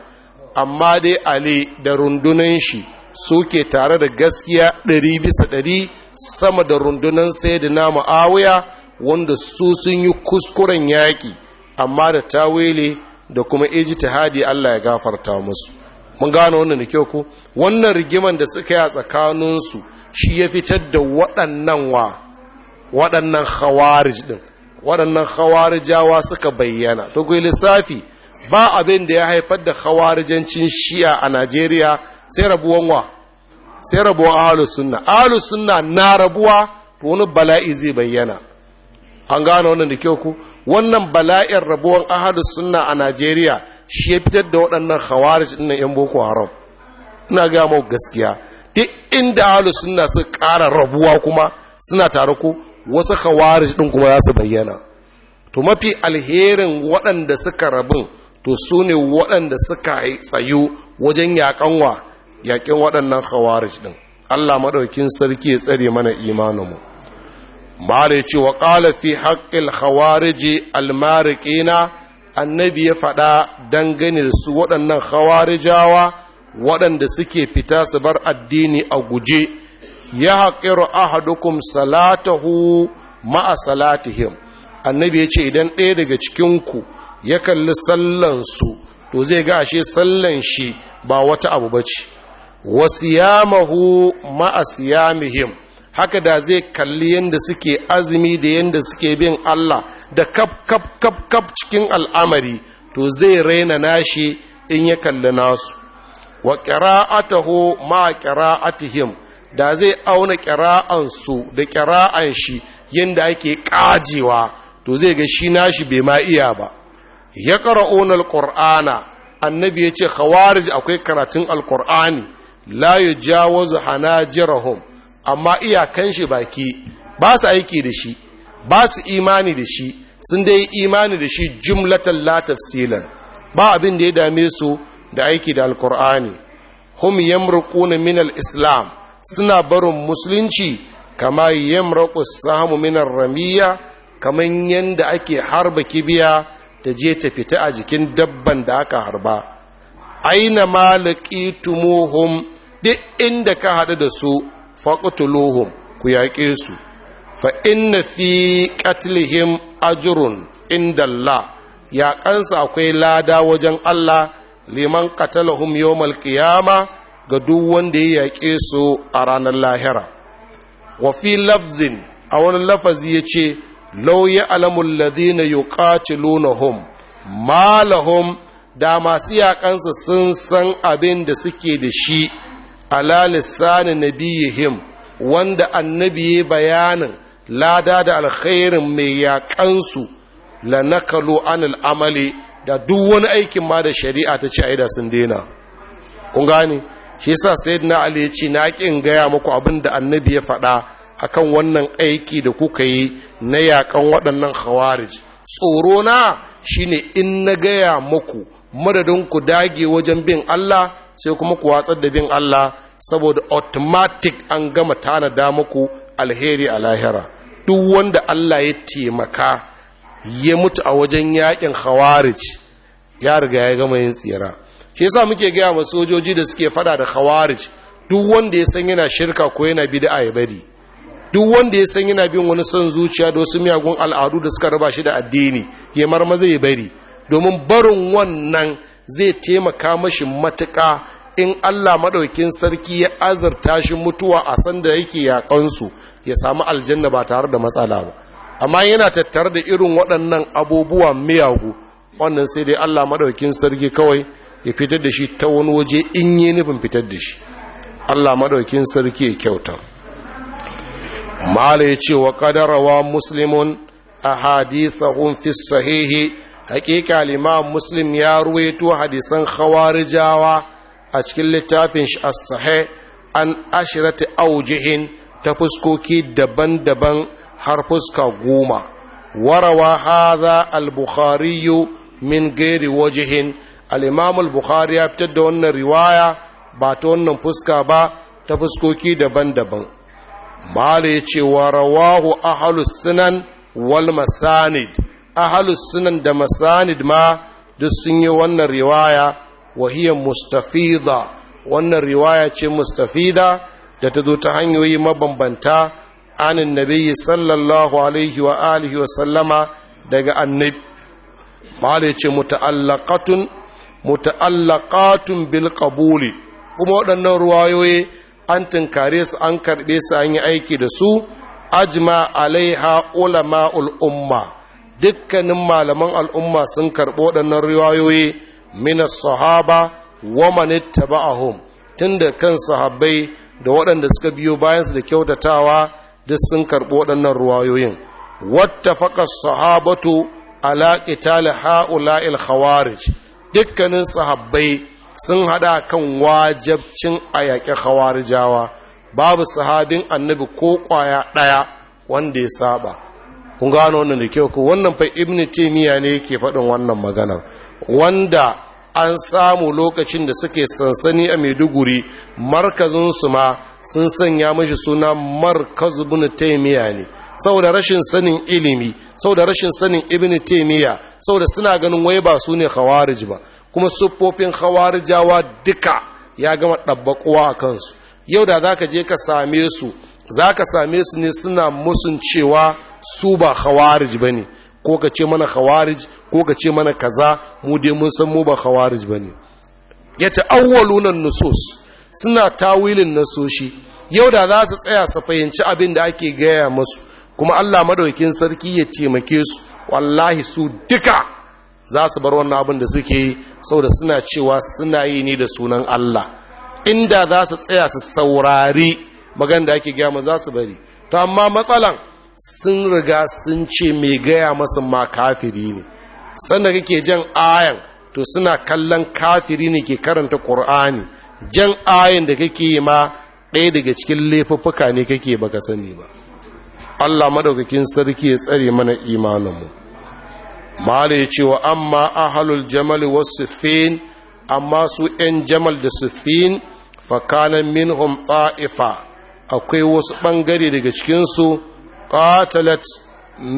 amma dai ali da rundunan shi suke tare da gaskiya ɗari bisa ɗari sama da rundunan sai na ma'awiya wanda su sun yi kuskuren yaƙi amma da tawili da kuma hadi Allah ya gafarta musu mun gano wannan da kyau ko wannan rigiman da suka yi a tsakaninsu shi ya fitar da waɗannan wa waɗannan khawarij din waɗannan hawarijawa suka bayyana to lissafi ba abin da ya haifar da khawarijancin shi'a a Najeriya sai rabuwan wa sai rabuwan sunna ahlus sunna na rabuwa to wani bala'i zai bayyana an gano wannan da kyau ku wannan bala'in rabuwan ahlus sunna a Najeriya shi ya fitar da waɗannan khawarij ɗin yan boko haram ina ga mu gaskiya duk inda ahlu sunna su ƙara rabuwa kuma suna tare ku? wasu khawarij ɗin kuma za su bayyana to mafi alherin waɗanda suka rabin to su ne waɗanda suka tsayu wajen yaƙanwa, yaƙin waɗannan khawarij ɗin allah maɗaukin sarki ya tsare mana imaninmu da ya ce wa ƙala fi haƙƙil khawariji almariƙina annabi ya faɗa dangane da su waɗannan khawarijawa waɗanda suke fita su bar addini a guje ya haƙiru ahadukum salatahu ma'a salatihim annabi ya ce idan ɗaya daga cikinku ya kalli sallansu to zai ga ashe sallan shi ba wata abu ba ce Wa wasiyamahu ma'asiyamihim haka da zai kalli yadda suke azumi da yadda suke bin Allah da kap kap kap kap cikin al'amari to zai raina nashi in ya kalli nasu wa qira'atuhu ma qira'atihim da zai auna su da ƙira'an shi yadda ake ƙajewa to zai ga shi nashi bai ma iya ba ya ƙara'un alƙur'ana annabi ya ce khawarij akwai karatun alƙur'ani Layu jawo zuhana hana amma iyakan shi baki ba su aiki da shi ba su imani da shi sun dai imani da shi jumlatan la tafsilan ba abin da ya dame su da aiki da alkur'ani hum yamruquna min al-islam suna barin musulunci kama yamruqu samu min ar-ramiya kaman yanda ake harba kibiya ta je ta fita a jikin dabban da aka harba aina malaki tumuhum duk inda ka haɗu da su faƙutuluhum ku yaƙe su fa inna fi qatlihim ajrun inda Allah ya ƙansa akwai lada wajen Allah liman ƙatalahum yau malƙiyama ga duk wanda ya yaƙe su a ranar lahira wa fi lafzin a wani lafazi yace law ya'lamu alladhina yuqatilunahum ma lahum da masu yaƙansa sun san abin da suke da shi ala lissani nabiyihim wanda annabi ya bayanin lada da alkhairin mai yaƙansu la nakalu an al'amali da duk wani aikin ma da shari'a ta ce aida sun daina kun gane shi yasa sayyidina ali ya ce na ƙin gaya muku abin da annabi ya faɗa akan wannan aiki da kuka yi na yakan waɗannan khawarij tsoro na shine in na gaya muku madadin ku dage wajen bin Allah sai kuma ku watsar da bin Allah saboda automatic an gama tanada muku alheri a lahira duk wanda Allah ya taimaka ya mutu a wajen yakin khawarij ya riga ya gama yin tsira shi yasa muke gaya wa sojoji da suke fada da khawarij duk wanda ya san yana shirka ko yana bid'a ya bari duk wanda ya san yana bin wani son zuciya da wasu miyagun al'adu da suka raba shi da addini ya marma zai bari domin barin wannan zai taimaka mashi matuka, in Allah maɗaukin sarki ya azarta shi mutuwa a sanda yake yaƙansu ya samu aljanna ba tare da matsala ba amma yana tattare da irin waɗannan abubuwa miyagu wannan sai dai Allah maɗaukin sarki kawai ya fitar da shi ta wani waje in yi nufin fitar da shi Allah maɗaukin sarki ya kyauta mala ya ce wa kadarawa muslimun a hadithahun fi sahihi hakika limam muslim ya ruwaito hadisan khawarijawa a cikin littafin shi a sahe an ashirata aujihin ta fuskoki daban-daban har fuska goma warawa haza al-bukhariyu min gairi wajihin al-imam bukhari ya fitar da wannan riwaya ba ta wannan fuska ba ta fuskoki daban-daban mala ya ce wa rawahu ahalus sunan wal masanid ahalus sunan da masanid ma duk sun yi wannan riwaya wahiyar mustafida wannan riwaya ce mustafida da ta zo ta hanyoyi mabambanta anin nabiyyi sallallahu alaihi wa alihi wa sallama daga annab mala ya ce muta'allaqatun muta'allaqatun bil qabuli kuma waɗannan ruwayoyi an tunkare su an karɓe su an yi aiki da su ajma alaiha ulama al'umma dukkanin malaman al'umma sun karɓo waɗannan riwayoyi min sahaba wa man ittaba'ahum tunda kan sahabbai da waɗanda suka biyo bayan su da kyautatawa duk sun karɓo waɗannan riwayoyin wattafaqa sahabatu ala qital ha'ula'il khawarij dukkanin sahabbai sun hada kan wajabcin a yaƙi hawarijawa babu sahabin annabi ko kwaya ɗaya wanda ya saba kun gano wannan da kyau ku. wannan fa Ibn taymiya ne yake faɗin wannan maganar wanda an samu lokacin da suke sansani a maiduguri markazin su ma sun sanya mashi suna markaz ibnu taymiya ne saboda rashin sanin ilimi da rashin sanin ibnu taymiya saboda suna ganin wai ba su ne khawarij ba kuma siffofin hawarijawa duka ya gama ɗabbaƙuwa a kansu yau da za ka je ka same su za ka same su ne suna musun cewa su ba hawarij ba ne ko ka ce mana hawarij ko ka ce mana kaza mu dai mun san mu ba hawarij ba ne ya nan nusus suna tawilin nasoshi yau da za su tsaya su fahimci abin da ake gaya masu kuma allah madaukin sarki ya taimake su wallahi su duka za su bar wannan abin da suke yi saboda suna cewa suna yi ne da sunan Allah inda za su tsaya su saurari magan da ake gaya za su bari to amma matsalan sun riga sun ce mai gaya masu ma kafiri ne sanda kake jan ayan to suna kallon kafiri ne ke karanta ƙur'ani jan ayan da kake yi ma ɗaya daga cikin laifuffuka ne kake baka sani ba Allah madaukakin sarki ya tsare mana imaninmu mala ya ce wa amma ahalul jamal wa siffin amma su 'yan jamal da siffin fakanan minhum ta'ifa akwai wasu ɓangare daga cikinsu ƙatalat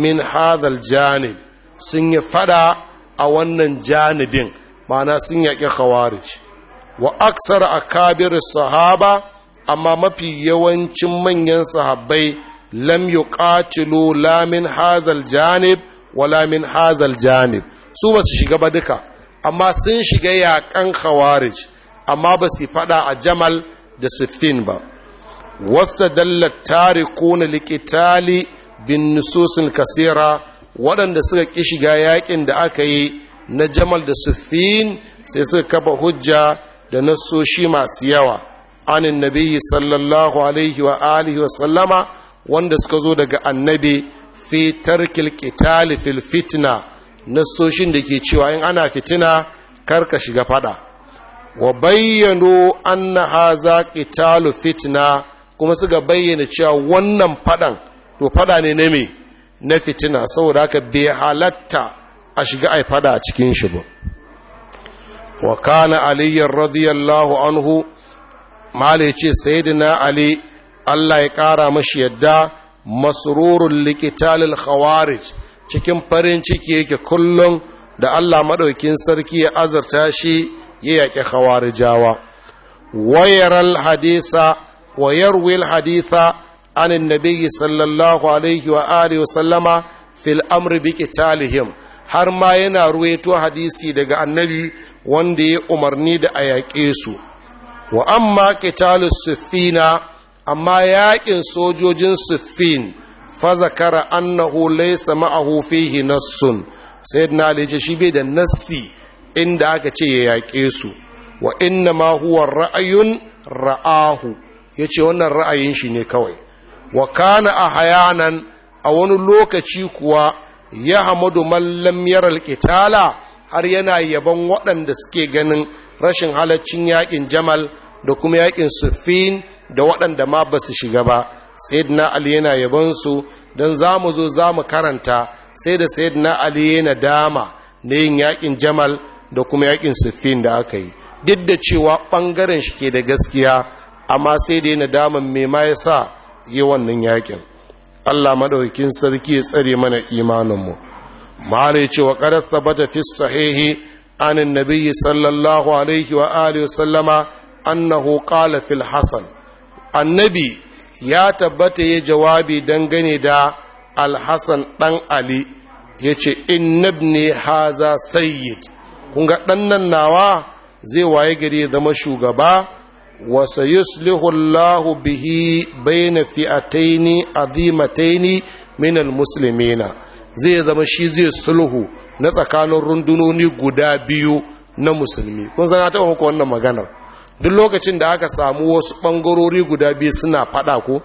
min hadal janib sun yi fada a wannan janibin mana sun yaƙi khawarij wa aksar akabir sahaba amma mafi yawancin manyan sahabbai lam yuqatilu la min hadal janib wala min hazal janib su ba su shiga ba duka amma sun shiga yaƙan khawarij amma ba su fada a jamal da Sifin ba wasta dallar tarikuna likitali bin nususin kasira waɗanda suka ƙi shiga yaƙin da aka yi na jamal da Sifin sai suka kafa hujja da nasoshi masu yawa anin nabi sallallahu alaihi wa alihi wa sallama wanda suka zo daga annabi fi tarkil qitali fil fitna soshin da ke cewa in ana fitina karka shiga fada wa bayyano anna haza qitalu fitna kuma suka bayyana cewa wannan fadan to fada ne na me na fitina saboda haka bai halatta a shiga ai fada a cikin shi ba wa kana aliyar radiyallahu anhu mala ce sayidina ali allah ya kara mashi yadda masrurun likitalil khawarij cikin farin ciki yake kullum da Allah maɗaukin sarki ya azarta shi ya yaƙi khawarijawa wayaral hadisa wayarwil haditha an annabi sallallahu alaihi wa alihi sallama fil amri bi qitalihim har ma yana ruwaito hadisi daga annabi wanda ya umarni da a yaƙe su wa amma qitalus sufina amma yaƙin sojojin siffin fazakara annahu laysa ma'ahu fihi nassun sayyidina ali ce shi bai da nassi inda aka ce ya yaƙe su wa inna ma huwa ra'ayun ra'ahu yace wannan ra'ayin shi ne kawai wa kana ahyanan a wani lokaci kuwa ya hamadu mallam yaral kitala har yana yaban waɗanda suke ganin rashin halaccin yaƙin jamal da kuma yakin siffin da waɗanda ma ba su shiga ba sayyidina ali yana yabansu don za mu zo za mu karanta sai da sayyidina ali yana dama na yin yakin jamal da kuma yakin siffin da aka yi duk da cewa ɓangaren shi ke da gaskiya amma sai da yana dama me ma ya sa yi wannan yakin allah maɗaukin sarki ya tsare mana imaninmu mare cewa ƙarar tabbata fi sahihi anin nabiyyi sallallahu alaihi wa sallama annahu qala fil hasan annabi ya tabbata ya jawabi dangane da alhassan ɗan ali ya ce innabni haza sayyid kun ga ɗannan nawa zai waye gari ya zama shugaba wasa yuslihullahu bihi baina fi'ataini azimataini min almuslimina zai zama shi zai sulhu na tsakanin rundunoni guda biyu na musulmi kun san ta muku wannan maganar duk lokacin da aka samu wasu ɓangarori guda biyu suna faɗa ko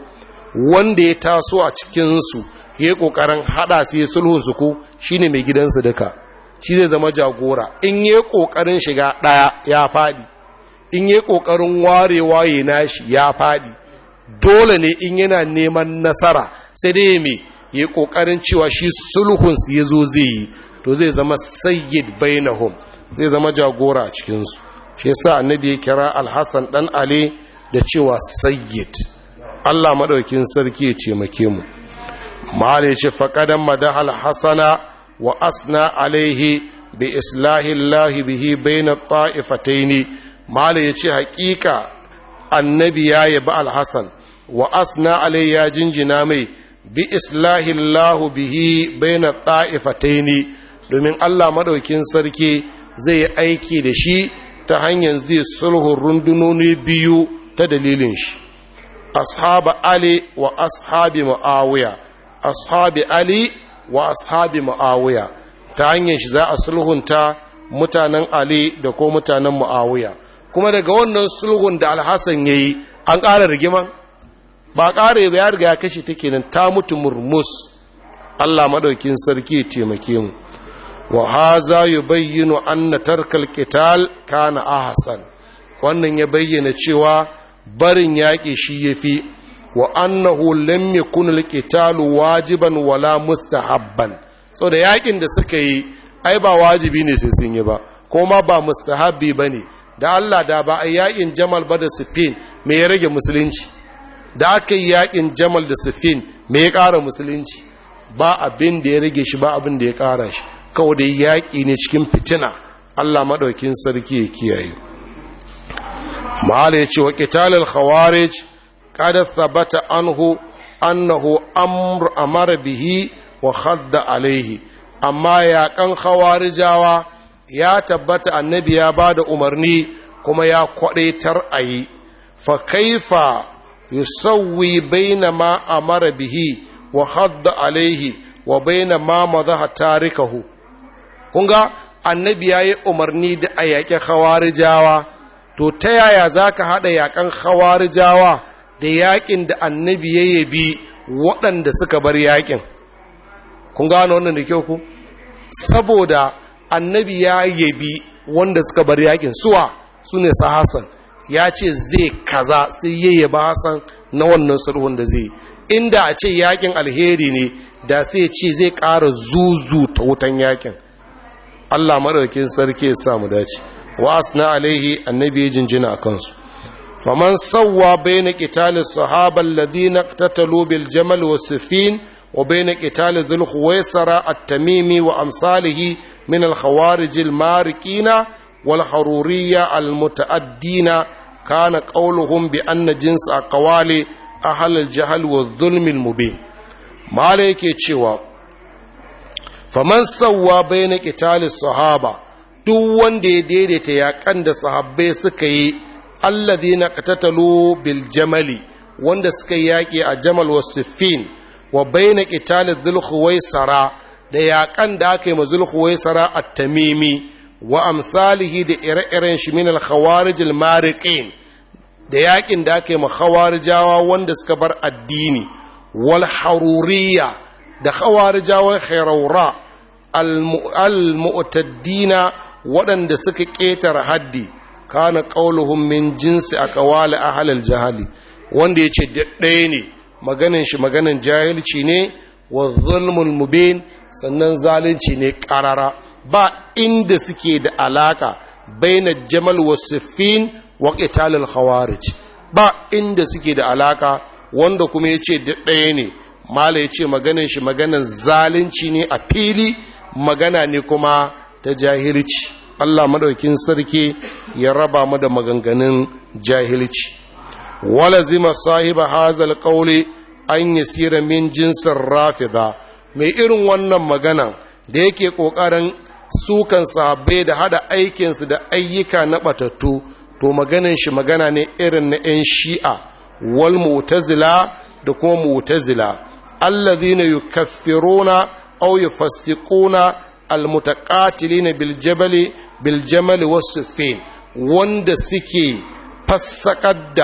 wanda ya taso a cikinsu ya yi ƙoƙarin haɗa su ya sulhunsu ko shi ne mai gidansu duka shi zai zama jagora in ya yi ƙoƙarin shiga ɗaya ya faɗi in ya yi ƙoƙarin warewa ya nashi ya faɗi dole ne in yana neman nasara sai dai mai ya yi ƙoƙarin cewa shi sulhunsu ya zo zai yi to zai zama sayyid bainahum zai zama jagora a cikinsu yasa annabi ya kira alhassan ɗan ali da cewa sayyid allah maɗaukin sarki ya taimake mu mahalin ce faƙadan madah alhassana wa asna alaihi bi islahillahi bihi bayna ta'ifataini ne. ya ce haƙiƙa annabi ya yabi alhassan wa asna alaihi ya jinjina mai bi islahillahu bihi bayna ne. domin allah maɗaukin sarki zai yi aiki da shi ta hanyar zai sulhun rundunoni biyu ta dalilin shi ashabi ali wa ashabi muawiya ashabi ali wa ashabi ma'awuya ta hanyar shi za a sulhunta mutanen ali da ko mutanen ma'awuya kuma daga wannan sulhun da alhassan ya yi an ƙara rigima. ba ƙara ya riga ya kashe ta kenan ta mutu murmus allah maɗaukin sarki ya taimake mu wa haza yubayyinu ترك القتال كان kana ahsan wannan ya bayyana cewa barin yaƙi shi yafi wa annahu lam yakun alqitalu wajiban wala mustahabban so da yaƙin da suka yi ai ba wajibi ne sai sun yi ba kuma ba mustahabbi bane da Allah da ba a yaƙin Jamal ba da me ya rage musulunci da aka yi yaƙin Jamal da sifin me ya kara musulunci ba abin da ya rage shi ba abin da ya kara shi kawai yaƙi ne cikin fitina Allah maɗaukin sarki ya kiyaye mahala ya ce wa ƙitalil khawarij kada tabbata anhu annahu amr amara bihi wa Hadda alaihi amma yaƙan khawarijawa ya tabbata annabi ya ba da umarni kuma ya kwaɗaitar a yi fa kaifa yusawwi baina ma amara bihi wa Hadda alaihi wa baina ma mazaha tarikahu kunga annabi ya yi umarni da a yaƙi hawarijawa to ta yaya za ka haɗa yaƙan hawarijawa da yaƙin da annabi ya bi waɗanda suka bar yaƙin kun gano wannan da kyau ku saboda annabi ya bi wanda suka bar yaƙin suwa su ne sa hassan ya ce zai kaza sai ya ba hassan na wannan sulhun da zai inda a ce yaƙin alheri ne da sai ce zai ƙara zuzu ta wutan yaƙin Allah madaukin sarki ya sa mu dace wa asna alaihi annabi ya jinjina a kansu faman sawwa bayna ƙitali sahaba alladhina qatatalu bil jamal wasifin wa bayna qitali dhul khuwaisara at-tamimi wa amsalihi min al-khawarij al-mariqina wal haruriyya al-muta'addina kana qawluhum bi anna a aqwali a al-jahl wa dhulm mubin mala yake cewa faman sauwa bai na ƙitalis sahaba duk wanda ya daidaita yaƙan da sahabbai suka yi allazi na ƙatatalo bil jamali wanda suka yaƙi a jamal wa siffin wa bai na ƙitalis zulhuwaisara da yaƙan da aka yi ma zulhuwaisara a tamimi wa amsalihi da ire-iren shi min alkhawarijil mariqin da yaƙin da aka yi ma khawarijawa wanda suka bar addini wal haruriya da khawarijawa hairaura al-mu'taddina waɗanda suka ƙetare haddi kana qauluhum min jinsi aqwali al jahali wanda yace ɗaya ne maganin shi maganin jahilci ne wa zulmul mubin sannan zalunci ne ƙarara. ba inda suke da alaka baina jamal wasifin wa al khawarij ba inda suke da alaka wanda kuma yace ɗaya ne mala yace maganin shi maganin zalunci ne a fili magana ne kuma ta jahilci Allah madaukin sarki ya raba mu da maganganun jahilci walazima sahiba hazal qawli an yasira min jinsin rafida mai irin wannan magana da yake kokarin sukan sahabbai da hada aikinsu da ayyuka na batattu to maganan shi magana ne irin na 'yan shi'a wal mutazila da kuma mutazila allazina yukaffiruna aw yufasdiquna almutaqatilina bil jabali bil jamal wanda suke fassakar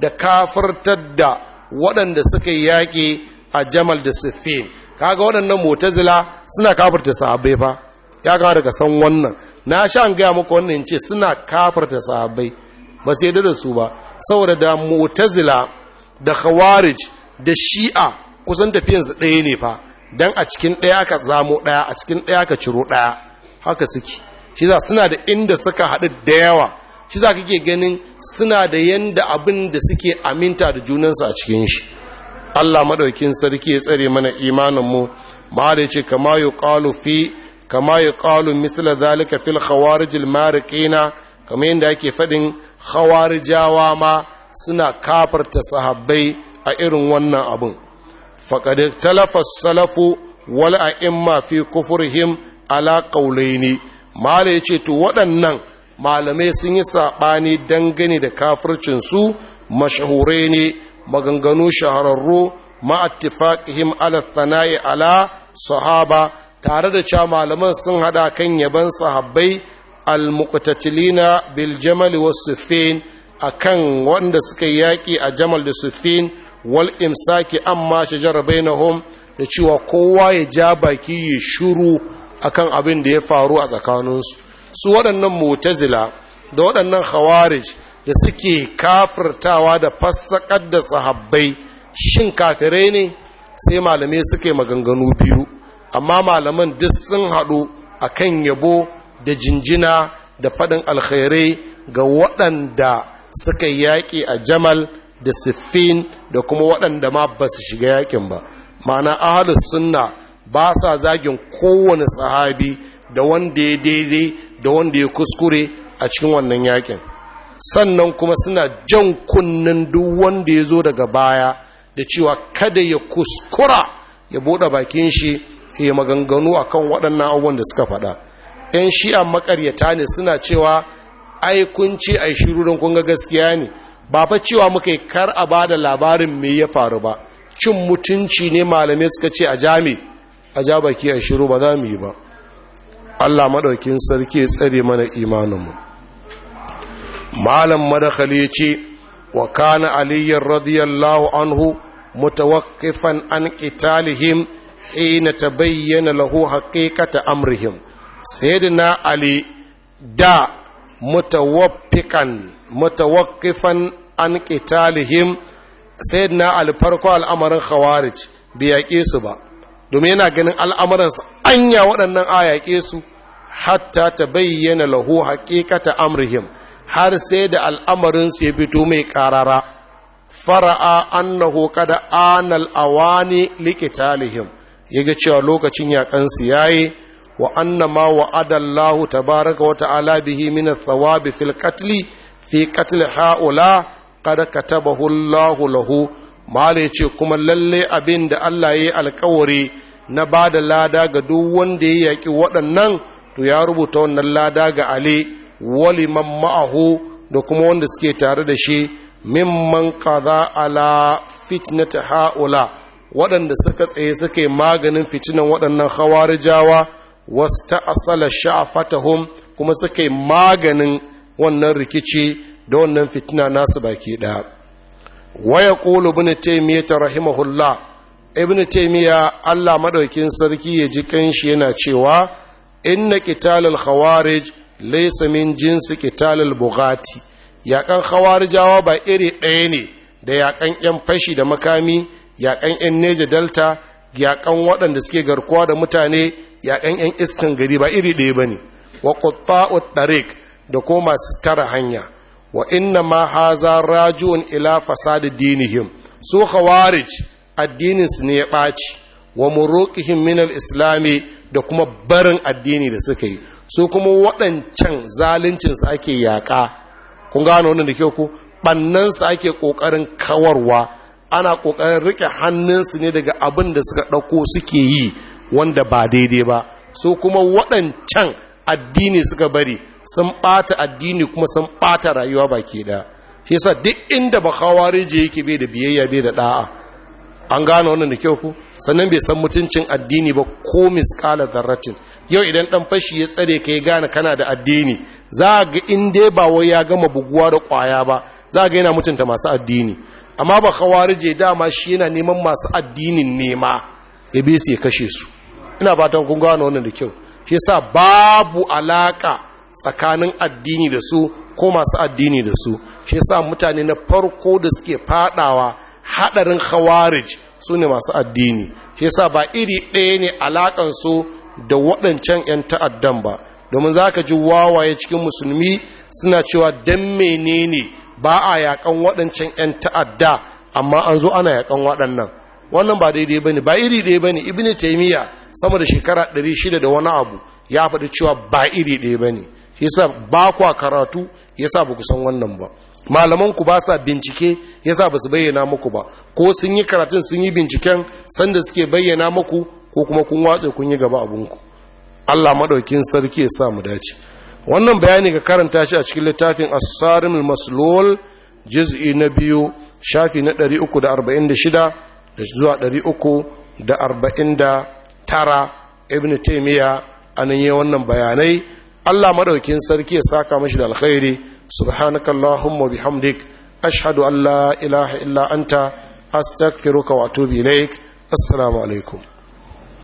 da kafartar da waɗanda suka yaƙi a jamal da siffin kaga waɗannan mutazila suna kafarta sahabbai fa ya kama daga san wannan na sha an gaya muku wannan ce suna kafarta sahabbai ba sai da su ba saboda da mutazila da khawarij da shi'a kusan tafiyansu ɗaya ne fa don a cikin ɗaya ka zamo ɗaya a cikin ɗaya ka ciro ɗaya haka suke shi za suna da inda suka haɗu da yawa shi za kake ganin suna da yanda abin da suke aminta da junansu a cikin shi allah maɗaukin sarki ya tsare mana imaninmu ma da ce kama yi ƙalu fi kama yi ƙalu misla zalika fil khawarijil marikina kamar yadda ake faɗin khawarijawa ma suna kafarta sahabbai a irin wannan abin faƙaɗe talafas salafu a a'imma fi kufurhim ala ƙaulaini mala ya ce to waɗannan malamai sun yi saɓani dangane da kafircinsu mashahure ne maganganu shahararru ma'attifaƙihim ala thana'i ala sahaba tare da cewa malaman sun haɗa kan yaban sahabbai al-muqtatilina bil jamal sufin akan wanda suka yaki a jamal da sufin wal imsaki amma shajara bainahum da cewa kowa ya ja baki ya shuru akan abin da ya faru a tsakaninsu su waɗannan mutazila da waɗannan khawarij da suke kafirtawa da fassakar da sahabbai shin kafirai ne sai malamai suke maganganu biyu amma malaman duk sun haɗu akan yabo da jinjina da faɗin alkhairai ga waɗanda suka yaƙi a jamal da siffin da kuma waɗanda ma ba su shiga yakin ba ma'ana ahalus sunna ba sa zagin kowane sahabi da wanda ya daidai da wanda ya kuskure a cikin wannan yakin sannan kuma suna jan kunnen duk wanda ya zo daga baya da cewa kada ya kuskura ya buɗe bakin shi ya maganganu a kan waɗannan abubuwan da suka faɗa 'yan shi'a makaryata ne suna cewa ai kun ce ai shiru don kun ga gaskiya ne ba fa cewa muka yi kar a ba da labarin me ya faru ba cin mutunci ne malamai suka ce a jami a ja baki a shiru ba za mu yi ba allah maɗaukin sarki tsare mana imaninmu malam madakhali ce wa kana aliyar radiyallahu anhu mutawakifan an na ta bayyana lahu haqiqata amrihim na ali da Mutawaffikan mutawaqqifan an qitalihim sayyidina alfarko al'amarin khawarij bai yaƙe su ba domin yana ganin al'amuran anya waɗannan a su hatta ta bayyana lahu haƙiƙata amrihim har sai da al'amarin su ya fito mai ƙarara fara'a annahu kada anal awani liqitalihim yaga cewa lokacin yaƙansu yayi Wa'annama wa'adallahu ma wa'ada Allah tabaraka wa ta'ala bihi min ath-thawabi fil qatl fi qatl haula qad katabahu lahu mala yace kuma lallai abin da Allah yayi alƙawari na bada lada ga duk wanda ya yaki waɗannan to ya rubuta wannan lada ga Ali wali ma'ahu da kuma wanda suke tare da shi mimman qada ala fitnati haula waɗanda suka tsaye suka yi maganin fitinan waɗannan hawarijawa wasta asala sha'afatahum kuma suka yi maganin wannan rikici da wannan fitina nasu baki ɗaya waya ƙolo bin taimiyya ta rahimahullah ibn taimiyya allah maɗaukin sarki ya ji kanshi yana cewa inna qitalul khawarij laysa min jinsi qitalul bughati yaƙan khawarijawa ba iri ɗaya ne da yaƙan yan fashi da makami yaƙan yan neja delta yaƙan waɗanda suke garkuwa da mutane yaƙan 'yan iskan gari ba iri ɗaya ba ne wa ƙutta'ut tariq da ko masu tara hanya wa inna ma haza raju'un ila fasadi dinihim su khawarij addinin su ne ya ɓaci wa muruqihim min al-islami da kuma barin addini da suka yi su kuma waɗancan zaluncinsu ake yaƙa kun gano wannan da ke ku ɓannansu ake ƙoƙarin kawarwa ana ƙoƙarin riƙe hannunsu ne daga abin da suka ɗauko suke yi wanda ba daidai ba so kuma waɗancan addini suka bari sun ɓata addini kuma sun ɓata rayuwa ba ke ɗaya shi yasa duk inda ba je yake bai da biyayya bai da ɗa'a an gane wannan da kyau ku sannan bai san mutuncin addini ba ko miskala zarratin yau idan ɗan fashi ya tsare ka ya gane kana da addini za a ga in dai ba wai ya gama buguwa da ƙwaya ba za ga yana mutunta masu addini amma ba je dama shi yana neman masu addinin nema ya bai su ya kashe su ina fatan kun gano wannan da kyau shi yasa babu alaka tsakanin addini da su ko masu addini da su shi yasa mutane na farko da suke fadawa hadarin khawarij su ne masu addini shi yasa ba iri ɗaya ne alakan su da waɗancan 'yan ta'addan ba domin za ka ji wawaye cikin musulmi suna cewa don menene ba a yakan waɗancan 'yan ta'adda amma an zo ana yakan waɗannan wannan ba daidai ba ne ba iri ɗaya ba ne ibini taimiyya sama da shekara 600 da wani abu ya faɗi cewa ba iri ɗaya ba ne shi sa ba kwa karatu yasa ba ku san wannan ba malaman ku ba sa bincike ya sa ba su bayyana muku ba ko sun yi karatun sun yi binciken sanda suke bayyana muku ko kuma kun watse kun yi gaba abinku Allah maɗaukin sarki ya sa mu dace wannan bayani ga karanta shi a cikin littafin as maslol maslul juz'i na biyu shafi na 346 da zuwa 346 tara ibn taimiyya a nan yi wannan bayanai allah maɗaukin sarki ya saka mashi da alkhairi subhanakallahumma bihamdik ashhadu an la ilaha illa anta astaghfiruka wa atubu ilaik assalamu alaikum